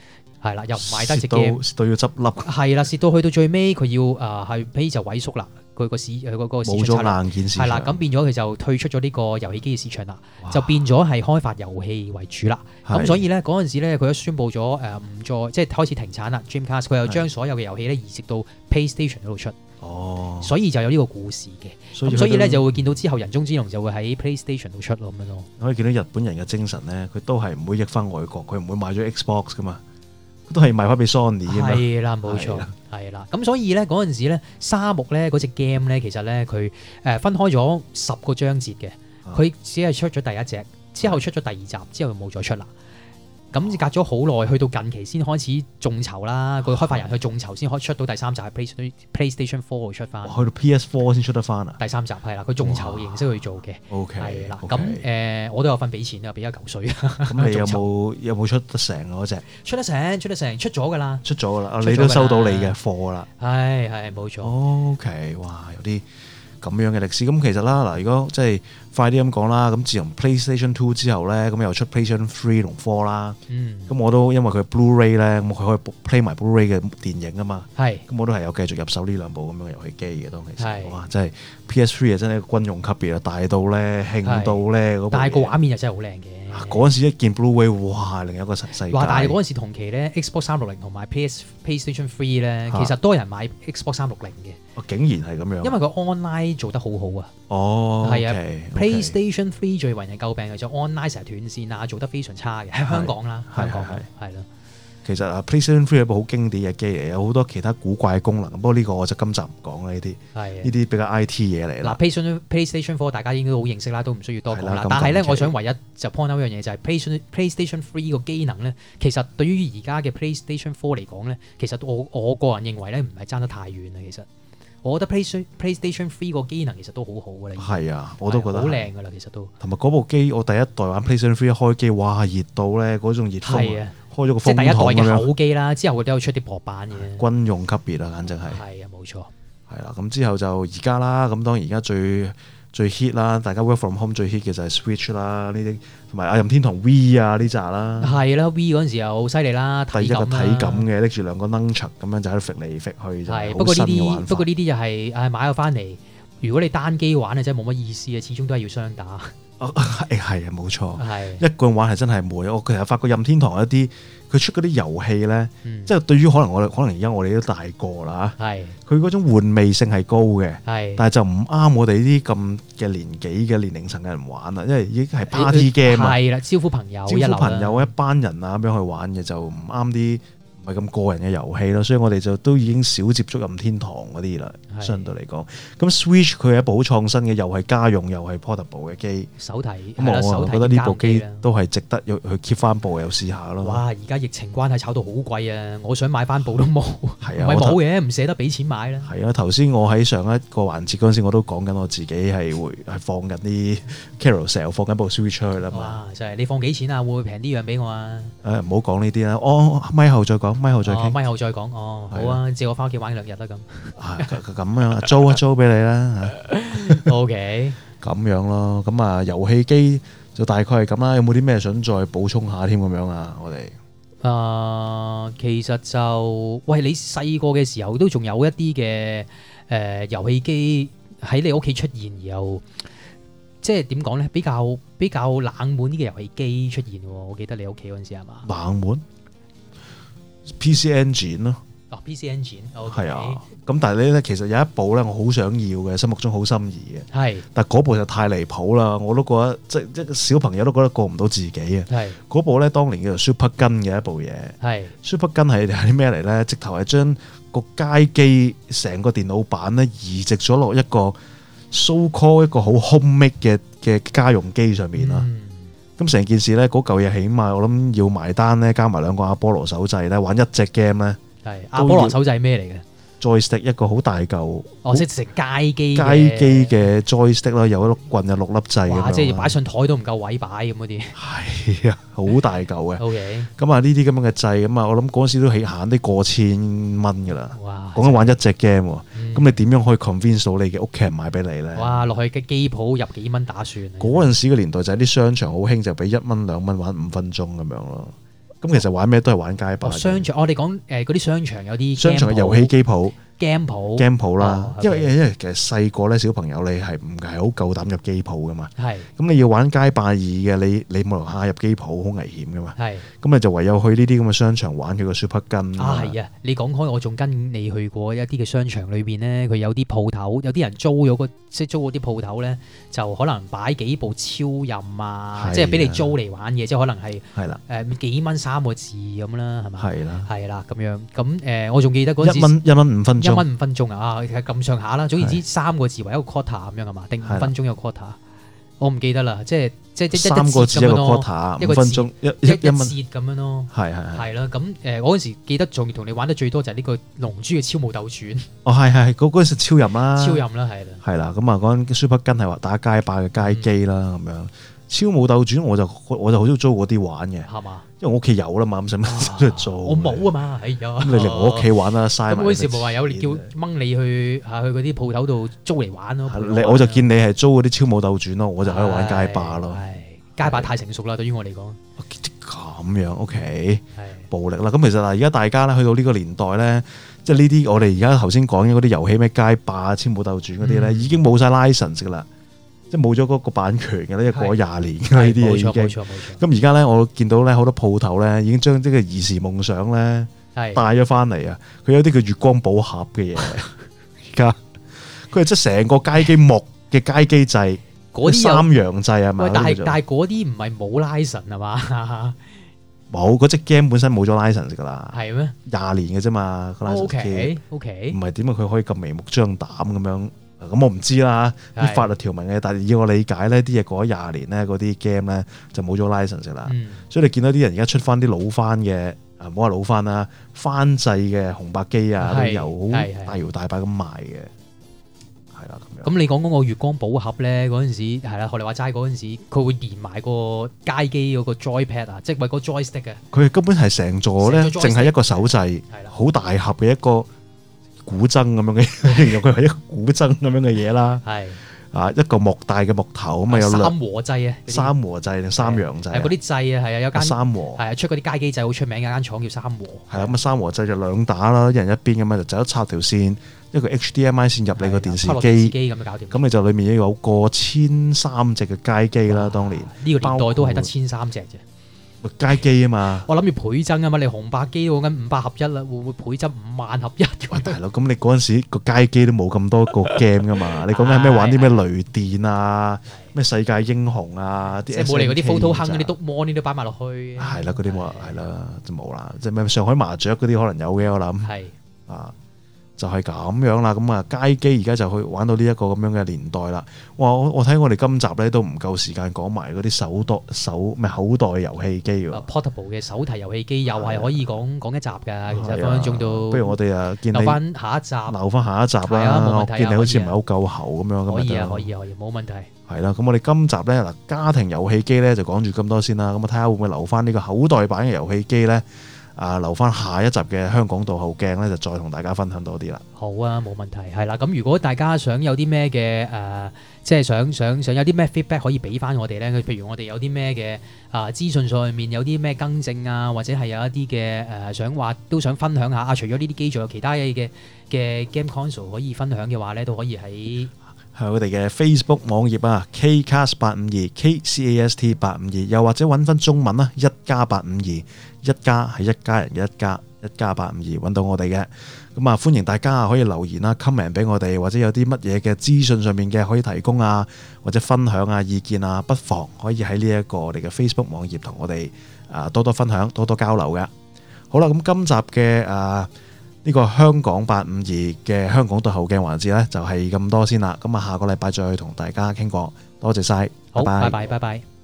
Speaker 2: 係啦，又賣得直嘢，到要執笠。係、呃、啦，蝕到去到最尾，佢要啊，係就萎縮啦，佢個市佢嗰個市場差，冇咗硬件市場係啦，咁的變咗佢就退出咗呢個遊戲機嘅市場啦，哇 就變咗係開發遊戲為主啦。咁的所以咧嗰陣時咧，佢都宣布咗誒唔再即係開始停產啦。Dreamcast 佢又將所有嘅遊戲咧移植到 PlayStation 度出。的哦。所
Speaker 1: 以就有呢個故事嘅。
Speaker 2: 咁所以咧就會見到之後人中之龍就會喺 PlayStation
Speaker 1: 度出咯咁樣咯。可以見到日本人嘅精神咧，佢都係唔會益翻外國，佢唔會買咗 Xbox 噶嘛。都係賣翻俾 Sony 啊！係啦，冇錯，係
Speaker 2: 啦的。咁的所以咧，嗰陣時咧，沙木咧嗰隻 game 咧，其實咧佢分開咗十個章節嘅，佢只係出咗第一隻，之後出咗第二集，之後就冇再出啦。咁隔咗好耐，去到近期先開始眾籌啦。個開發人去眾籌先可以出到第三集、啊、，Playstation PlayStation Four 會出翻。去、哦、到
Speaker 1: PS Four 先出得翻啦，第三集係啦，佢眾籌
Speaker 2: 形式去做嘅。O K 係啦。咁誒，我都有份俾錢啊，俾一嚿水。咁你有
Speaker 1: 冇有冇 籌出得成嗰隻？那個、
Speaker 2: 出得成，出得成，
Speaker 1: 出咗噶啦。出咗噶啦，了了你都收到你嘅貨啦。係係冇錯。哦、o、okay, K，哇！有啲。咁樣嘅歷史，咁其實啦，嗱，如果即係快啲咁講啦，咁自從 PlayStation Two 之後咧，咁又出 PlayStation Three 同 Four 啦，咁我都因為佢 Blu-ray 咧，咁佢可以 play 埋 Blu-ray 嘅電影啊嘛，係，咁我都係有繼續入手呢兩部咁樣嘅遊戲機嘅，當其實，哇，真係 PS Three 啊，真係一個軍用級別啊，大到咧，興到咧，嗰，但係個畫
Speaker 2: 面又真係好靚
Speaker 1: 嘅。嗰陣時一件 Blu-ray，哇，另一個世界，話，但係嗰陣時
Speaker 2: 同期咧，Xbox 三六零同埋 PlayStation Three 咧，其實多人買 Xbox 三六零嘅。
Speaker 1: 竟然係咁樣，因為個 online 做得好好啊。哦，係啊
Speaker 2: ，PlayStation Three 最為人詬病嘅就係 online 成日斷線啊，做得非常差嘅喺的香港啦，的香港係係咯。
Speaker 1: 其實啊，PlayStation Three 有部好經典嘅機嚟，有好多其他古怪嘅功能。不過呢個我就今集唔講呢啲係呢啲比較 I T 嘢嚟嗱
Speaker 2: ，PlayStation PlayStation Four 大家應該好認識啦，都唔需要多講啦。是但係咧，樣我想唯一就 point out 一樣嘢就係 PlayStation PlayStation Three 個機能咧，其實對於而家嘅 PlayStation Four 嚟講咧，其實我我個人認為咧，唔係爭得太遠啦，其實。我覺得 p l a y s PlayStation Three 個機能其實都好好㗎啦，係啊，我都覺得好靚㗎啦，其實都
Speaker 1: 同埋嗰部機，我第一代玩 PlayStation Three 開機，哇熱到咧，嗰種熱風，開咗、啊、個風口咁樣，即係第一代嘅好
Speaker 2: 機啦，樣之後佢都有出啲薄版嘅
Speaker 1: 軍用級別啊，簡直係係啊，冇錯，係啦、啊，咁之後就而家啦，咁當然而家最。最 hit 啦，大家 work from home 最 hit 嘅就係 Switch 啦，呢啲同埋阿任天堂 V 啊呢扎啦。係啦，V 嗰陣時又好犀利啦，體感。第一個體感嘅拎住兩個 nunchuck 咁樣就喺度揈嚟揈去的新玩不過呢啲，
Speaker 2: 不過呢啲就係、是、唉，買咗翻嚟，如果你單機玩啊真係冇乜意思啊，始終都係要雙打。
Speaker 1: 係啊、 哎，冇錯，的一個人玩係真係悶。我其實發覺任天堂一啲。佢出嗰啲遊戲咧，即係、嗯、對於可能我哋可能而家我哋都大個啦係佢嗰種玩味性係高嘅，是但係就唔啱我哋呢啲咁嘅年紀嘅是年齡層嘅人玩啦，因為已經係 party game 啊，係啦，
Speaker 2: 招呼朋友，招呼朋友
Speaker 1: 一班人啊咁樣去玩嘅就唔啱啲。唔係咁個人嘅遊戲咯，所以我哋就都已經少接觸任天堂嗰啲啦。相對嚟講，咁 Switch 佢係一部好創新嘅，又係家用又係 portable 嘅機，手提。我啊，我覺得呢部機都係值得要去 keep 翻部又試下咯。哇！
Speaker 2: 而家疫情關係炒到好貴啊，我想買翻部都冇，唔
Speaker 1: 係冇嘅，唔
Speaker 2: 捨得俾錢買啦。
Speaker 1: 係啊，頭先我喺上一個環節嗰陣時，我都講緊我自己係會係放緊啲 Carousel，又放緊部 Switch 出去啦嘛。
Speaker 2: 就係你放幾錢啊？會唔會平啲樣俾我啊？
Speaker 1: 誒唔好講呢啲啦，我咪後再講。後再傾，
Speaker 2: 後再講哦。好啊，借我翻屋企玩兩日啦，咁咁
Speaker 1: 樣啦，租一租俾你啦。OK，咁樣咯。咁啊，遊戲機就大概係咁啦。有冇啲咩想再補充下添？咁樣啊，我哋
Speaker 2: 誒，其實就喂，你細個嘅時候都仲有一啲嘅誒遊戲機喺你屋企出現，然後即係點講咧？比較比較冷門啲嘅遊戲機出現，我記得你屋企嗰陣時係嘛
Speaker 1: 冷門。PC Engine 咯，PC
Speaker 2: Engine，哦 PC Engine 係、okay、啊，
Speaker 1: 咁但係咧，其實有一部咧，我好想要嘅，心目中好心儀嘅，係是，但係嗰部就太離譜啦，我都覺得即即小朋友都覺得過唔到自己啊，係是，嗰部咧當年叫做 Super Gun 嘅一部嘢，係是 Super Gun 係係啲咩嚟咧？直頭係將個街機成個電腦版咧移植咗落一個 so call 一個好 home make 嘅嘅家用機上面啦。嗯咁成件事呢，嗰嚿嘢起碼我諗要埋單呢，加埋兩個阿波羅手掣呢，玩一隻 game 呢。
Speaker 2: 阿波羅要手掣係咩嚟嘅？
Speaker 1: JoyStick 一個好大嚿哦，即係食
Speaker 2: 街機街機
Speaker 1: 嘅 JoyStick 啦，有一碌棍有六粒掣，哇！即係擺
Speaker 2: 上枱都唔夠位擺咁嗰啲，係啊，
Speaker 1: 好大嚿嘅。OK，咁啊呢啲咁樣嘅掣咁啊，我諗嗰陣時都起碼啲過千蚊噶啦。哇！講緊玩一隻 game 喎，咁你點樣可以 convince 到你嘅屋企人買俾你咧？哇！
Speaker 2: 落去嘅機鋪入幾蚊打算。
Speaker 1: 嗰陣時嘅年代就係啲商場好興，就俾一蚊兩蚊玩五分鐘咁樣咯。咁其實玩咩都係玩街霸。哦，商場，我哋
Speaker 2: 講誒嗰啲商場有啲商場嘅遊戲機鋪。game 啦，因
Speaker 1: 為因為其實細個咧小朋友你係唔係好夠膽入機鋪㗎嘛？係是。咁你要玩街霸二嘅，你你冇理由入機鋪好危險㗎嘛？係是。咁咪就唯有去呢啲咁嘅商場玩佢個 Super Gun。啊係啊，
Speaker 2: 你講開我仲跟你去過一啲嘅商場裏邊咧，佢有啲鋪頭，有啲人租咗個即租嗰啲鋪頭咧，就可能擺幾部超任啊，的即係俾你租嚟玩嘢，即可能係係啦誒幾蚊三個字咁啦，係咪的？係啦，係啦咁樣。咁誒，我仲記得嗰一蚊一蚊五分鐘。蚊五分鐘啊，啊，咁上下啦。總言之，三個字為一個 quota 咁樣啊嘛，定五分鐘一個 quota，我唔記得啦。即係即即即三個字一個 quota，一個分鐘一一分節咁樣咯。係係係啦。咁誒，我嗰時記得仲要同你玩得最多就係呢個龍珠嘅超武鬥傳。
Speaker 1: 哦係係係，嗰陣時超任啦，超任啦係啦，係啦。咁啊，嗰陣 Super Gun 係話打街霸嘅街機啦，咁樣。超武鬥傳我就我就好少租嗰啲玩嘅，因為我屋企有啦嘛，咁使乜出去租？我冇啊嘛，
Speaker 2: 哎呀！你嚟我屋企玩啦，嘥埋。咁嗰時唔係有叫掹你去去嗰啲鋪頭度租嚟玩咯？我就
Speaker 1: 見你係租嗰啲超武鬥傳咯，我就喺度玩街霸咯。
Speaker 2: 街霸太成熟啦，對於我嚟講。
Speaker 1: 咁樣，OK，暴力啦。咁其實嗱，而家大家去到呢個年代咧，即係呢啲我哋而家頭先講嗰啲遊戲咩街霸、超武鬥傳嗰啲咧，已經冇晒 license 啦。即係冇咗嗰個版權嘅咧，過咗廿年呢啲嘢，已經咁。而家咧，我見到咧，好多鋪頭咧已經將呢個兒時夢想咧帶咗翻嚟啊！佢是有啲叫月光寶盒嘅嘢，而家佢係即係成個街機幕嘅街機制 有三樣制啊咪但？但係
Speaker 2: 嗰啲唔係冇 license 啊嘛，
Speaker 1: 冇嗰隻 game 本身冇咗 license 噶啦，係咩嗎？廿年嘅啫嘛，O K O K，唔係，點解佢可以咁明目張膽咁樣。咁、嗯嗯、我唔知啦，啲法律條文嘅，是的 但係以我理解呢，啲嘢過咗廿年呢，嗰啲 game 咧就冇咗 license 啦。嗯、所以你見到啲人而家出翻啲老翻嘅，啊唔好話老翻啦，翻製嘅紅白機啊的都有，大搖大擺咁賣嘅，
Speaker 2: 係啦咁樣。咁你講嗰個月光寶盒咧，嗰陣時係啦，學你話齋嗰陣時，佢會連埋個街機嗰個 joy pad 啊，即係為個 joystick 嘅。
Speaker 1: 佢根本係成座咧，淨係一個手掣，好的大盒嘅一個。古箏咁樣嘅，形容佢係一個古箏咁樣嘅嘢啦。係啊 的，一個木大嘅木頭咁啊，有三和制啊，三和制定三洋制，嗰啲
Speaker 2: 制啊，係啊，有三和係出嗰啲街機制好出名嘅，間廠叫三和。
Speaker 1: 係啊，咁啊三和制就兩打啦，一人一邊咁咪就走一插條線，一個 HDMI 線入你個電視機咁啊，搞掂。咁你就裡面有過千三隻嘅街機啦，啊、當年呢個年代
Speaker 2: 都係得千三隻啫。
Speaker 1: 街機啊嘛，
Speaker 2: 我諗住倍增啊嘛，你紅白機講緊五百合一啦，會唔會倍增五萬合一？
Speaker 1: 大佬，咁你嗰陣時個街機都冇咁多個 game 噶嘛，你講緊咩玩啲咩雷電啊，咩世界英雄啊，即係冇嚟嗰啲 photo 坑嗰啲督
Speaker 2: 魔呢都擺埋落去。係啦，
Speaker 1: 嗰啲冇啦，係啦，就冇啦，即係咩上海麻雀嗰啲可能有嘅，我諗係啊。就係咁樣啦，咁啊街機而家就去玩到呢一個咁樣嘅年代啦。哇！我睇我哋今集咧都唔夠時間講埋嗰啲手袋手咪口袋遊戲機喎。
Speaker 2: Portable 嘅手提遊戲機又係可以講講、啊、一集㗎，
Speaker 1: 其實分分鐘都。不如我哋啊留翻
Speaker 2: 下一集，留翻下一集啦。見、啊啊、你好似唔係好
Speaker 1: 夠喉咁樣可、啊，可以啊，可以，
Speaker 2: 可以，冇問題。
Speaker 1: 係啦、啊，咁我哋今集咧嗱家庭遊戲機咧就講住咁多先啦。咁我睇下會唔會留翻呢個口袋版嘅遊戲機咧？啊！留翻下，下一集嘅香港倒後鏡咧，就再同大家分享多啲啦。
Speaker 2: 好啊，冇問題。係啦，咁如果大家想有啲咩嘅呃，即係想想想有啲咩 feedback 可以俾翻我哋咧，譬如我哋有啲咩嘅啊資訊上面有啲咩更正啊，或者係有一啲嘅、呃、想話都想分享下啊，除咗呢啲機仲有其他嘢嘅嘅 game console 可以分享嘅話咧，都可以喺。
Speaker 1: 係我哋嘅 Facebook 網頁啊，Kcast 八五二，K C A S T 八五二，又或者揾翻中文啦，52, 一家八五二，一家係一家人嘅一家，一家八五二揾到我哋嘅，咁啊，歡迎大家啊可以留言啦，comment 俾我哋，或者有啲乜嘢嘅資訊上面嘅可以提供啊，或者分享啊意見啊，不妨可以喺呢一個我哋嘅 Facebook 網頁同我哋啊多多分享，多多交流嘅。好啦，咁今集嘅啊。呢個香港八五二嘅香港倒後鏡環節咧，就係、是、咁多先啦。咁啊，下個禮拜再同大家傾過，多謝晒！好，拜拜，拜
Speaker 2: 拜。拜拜。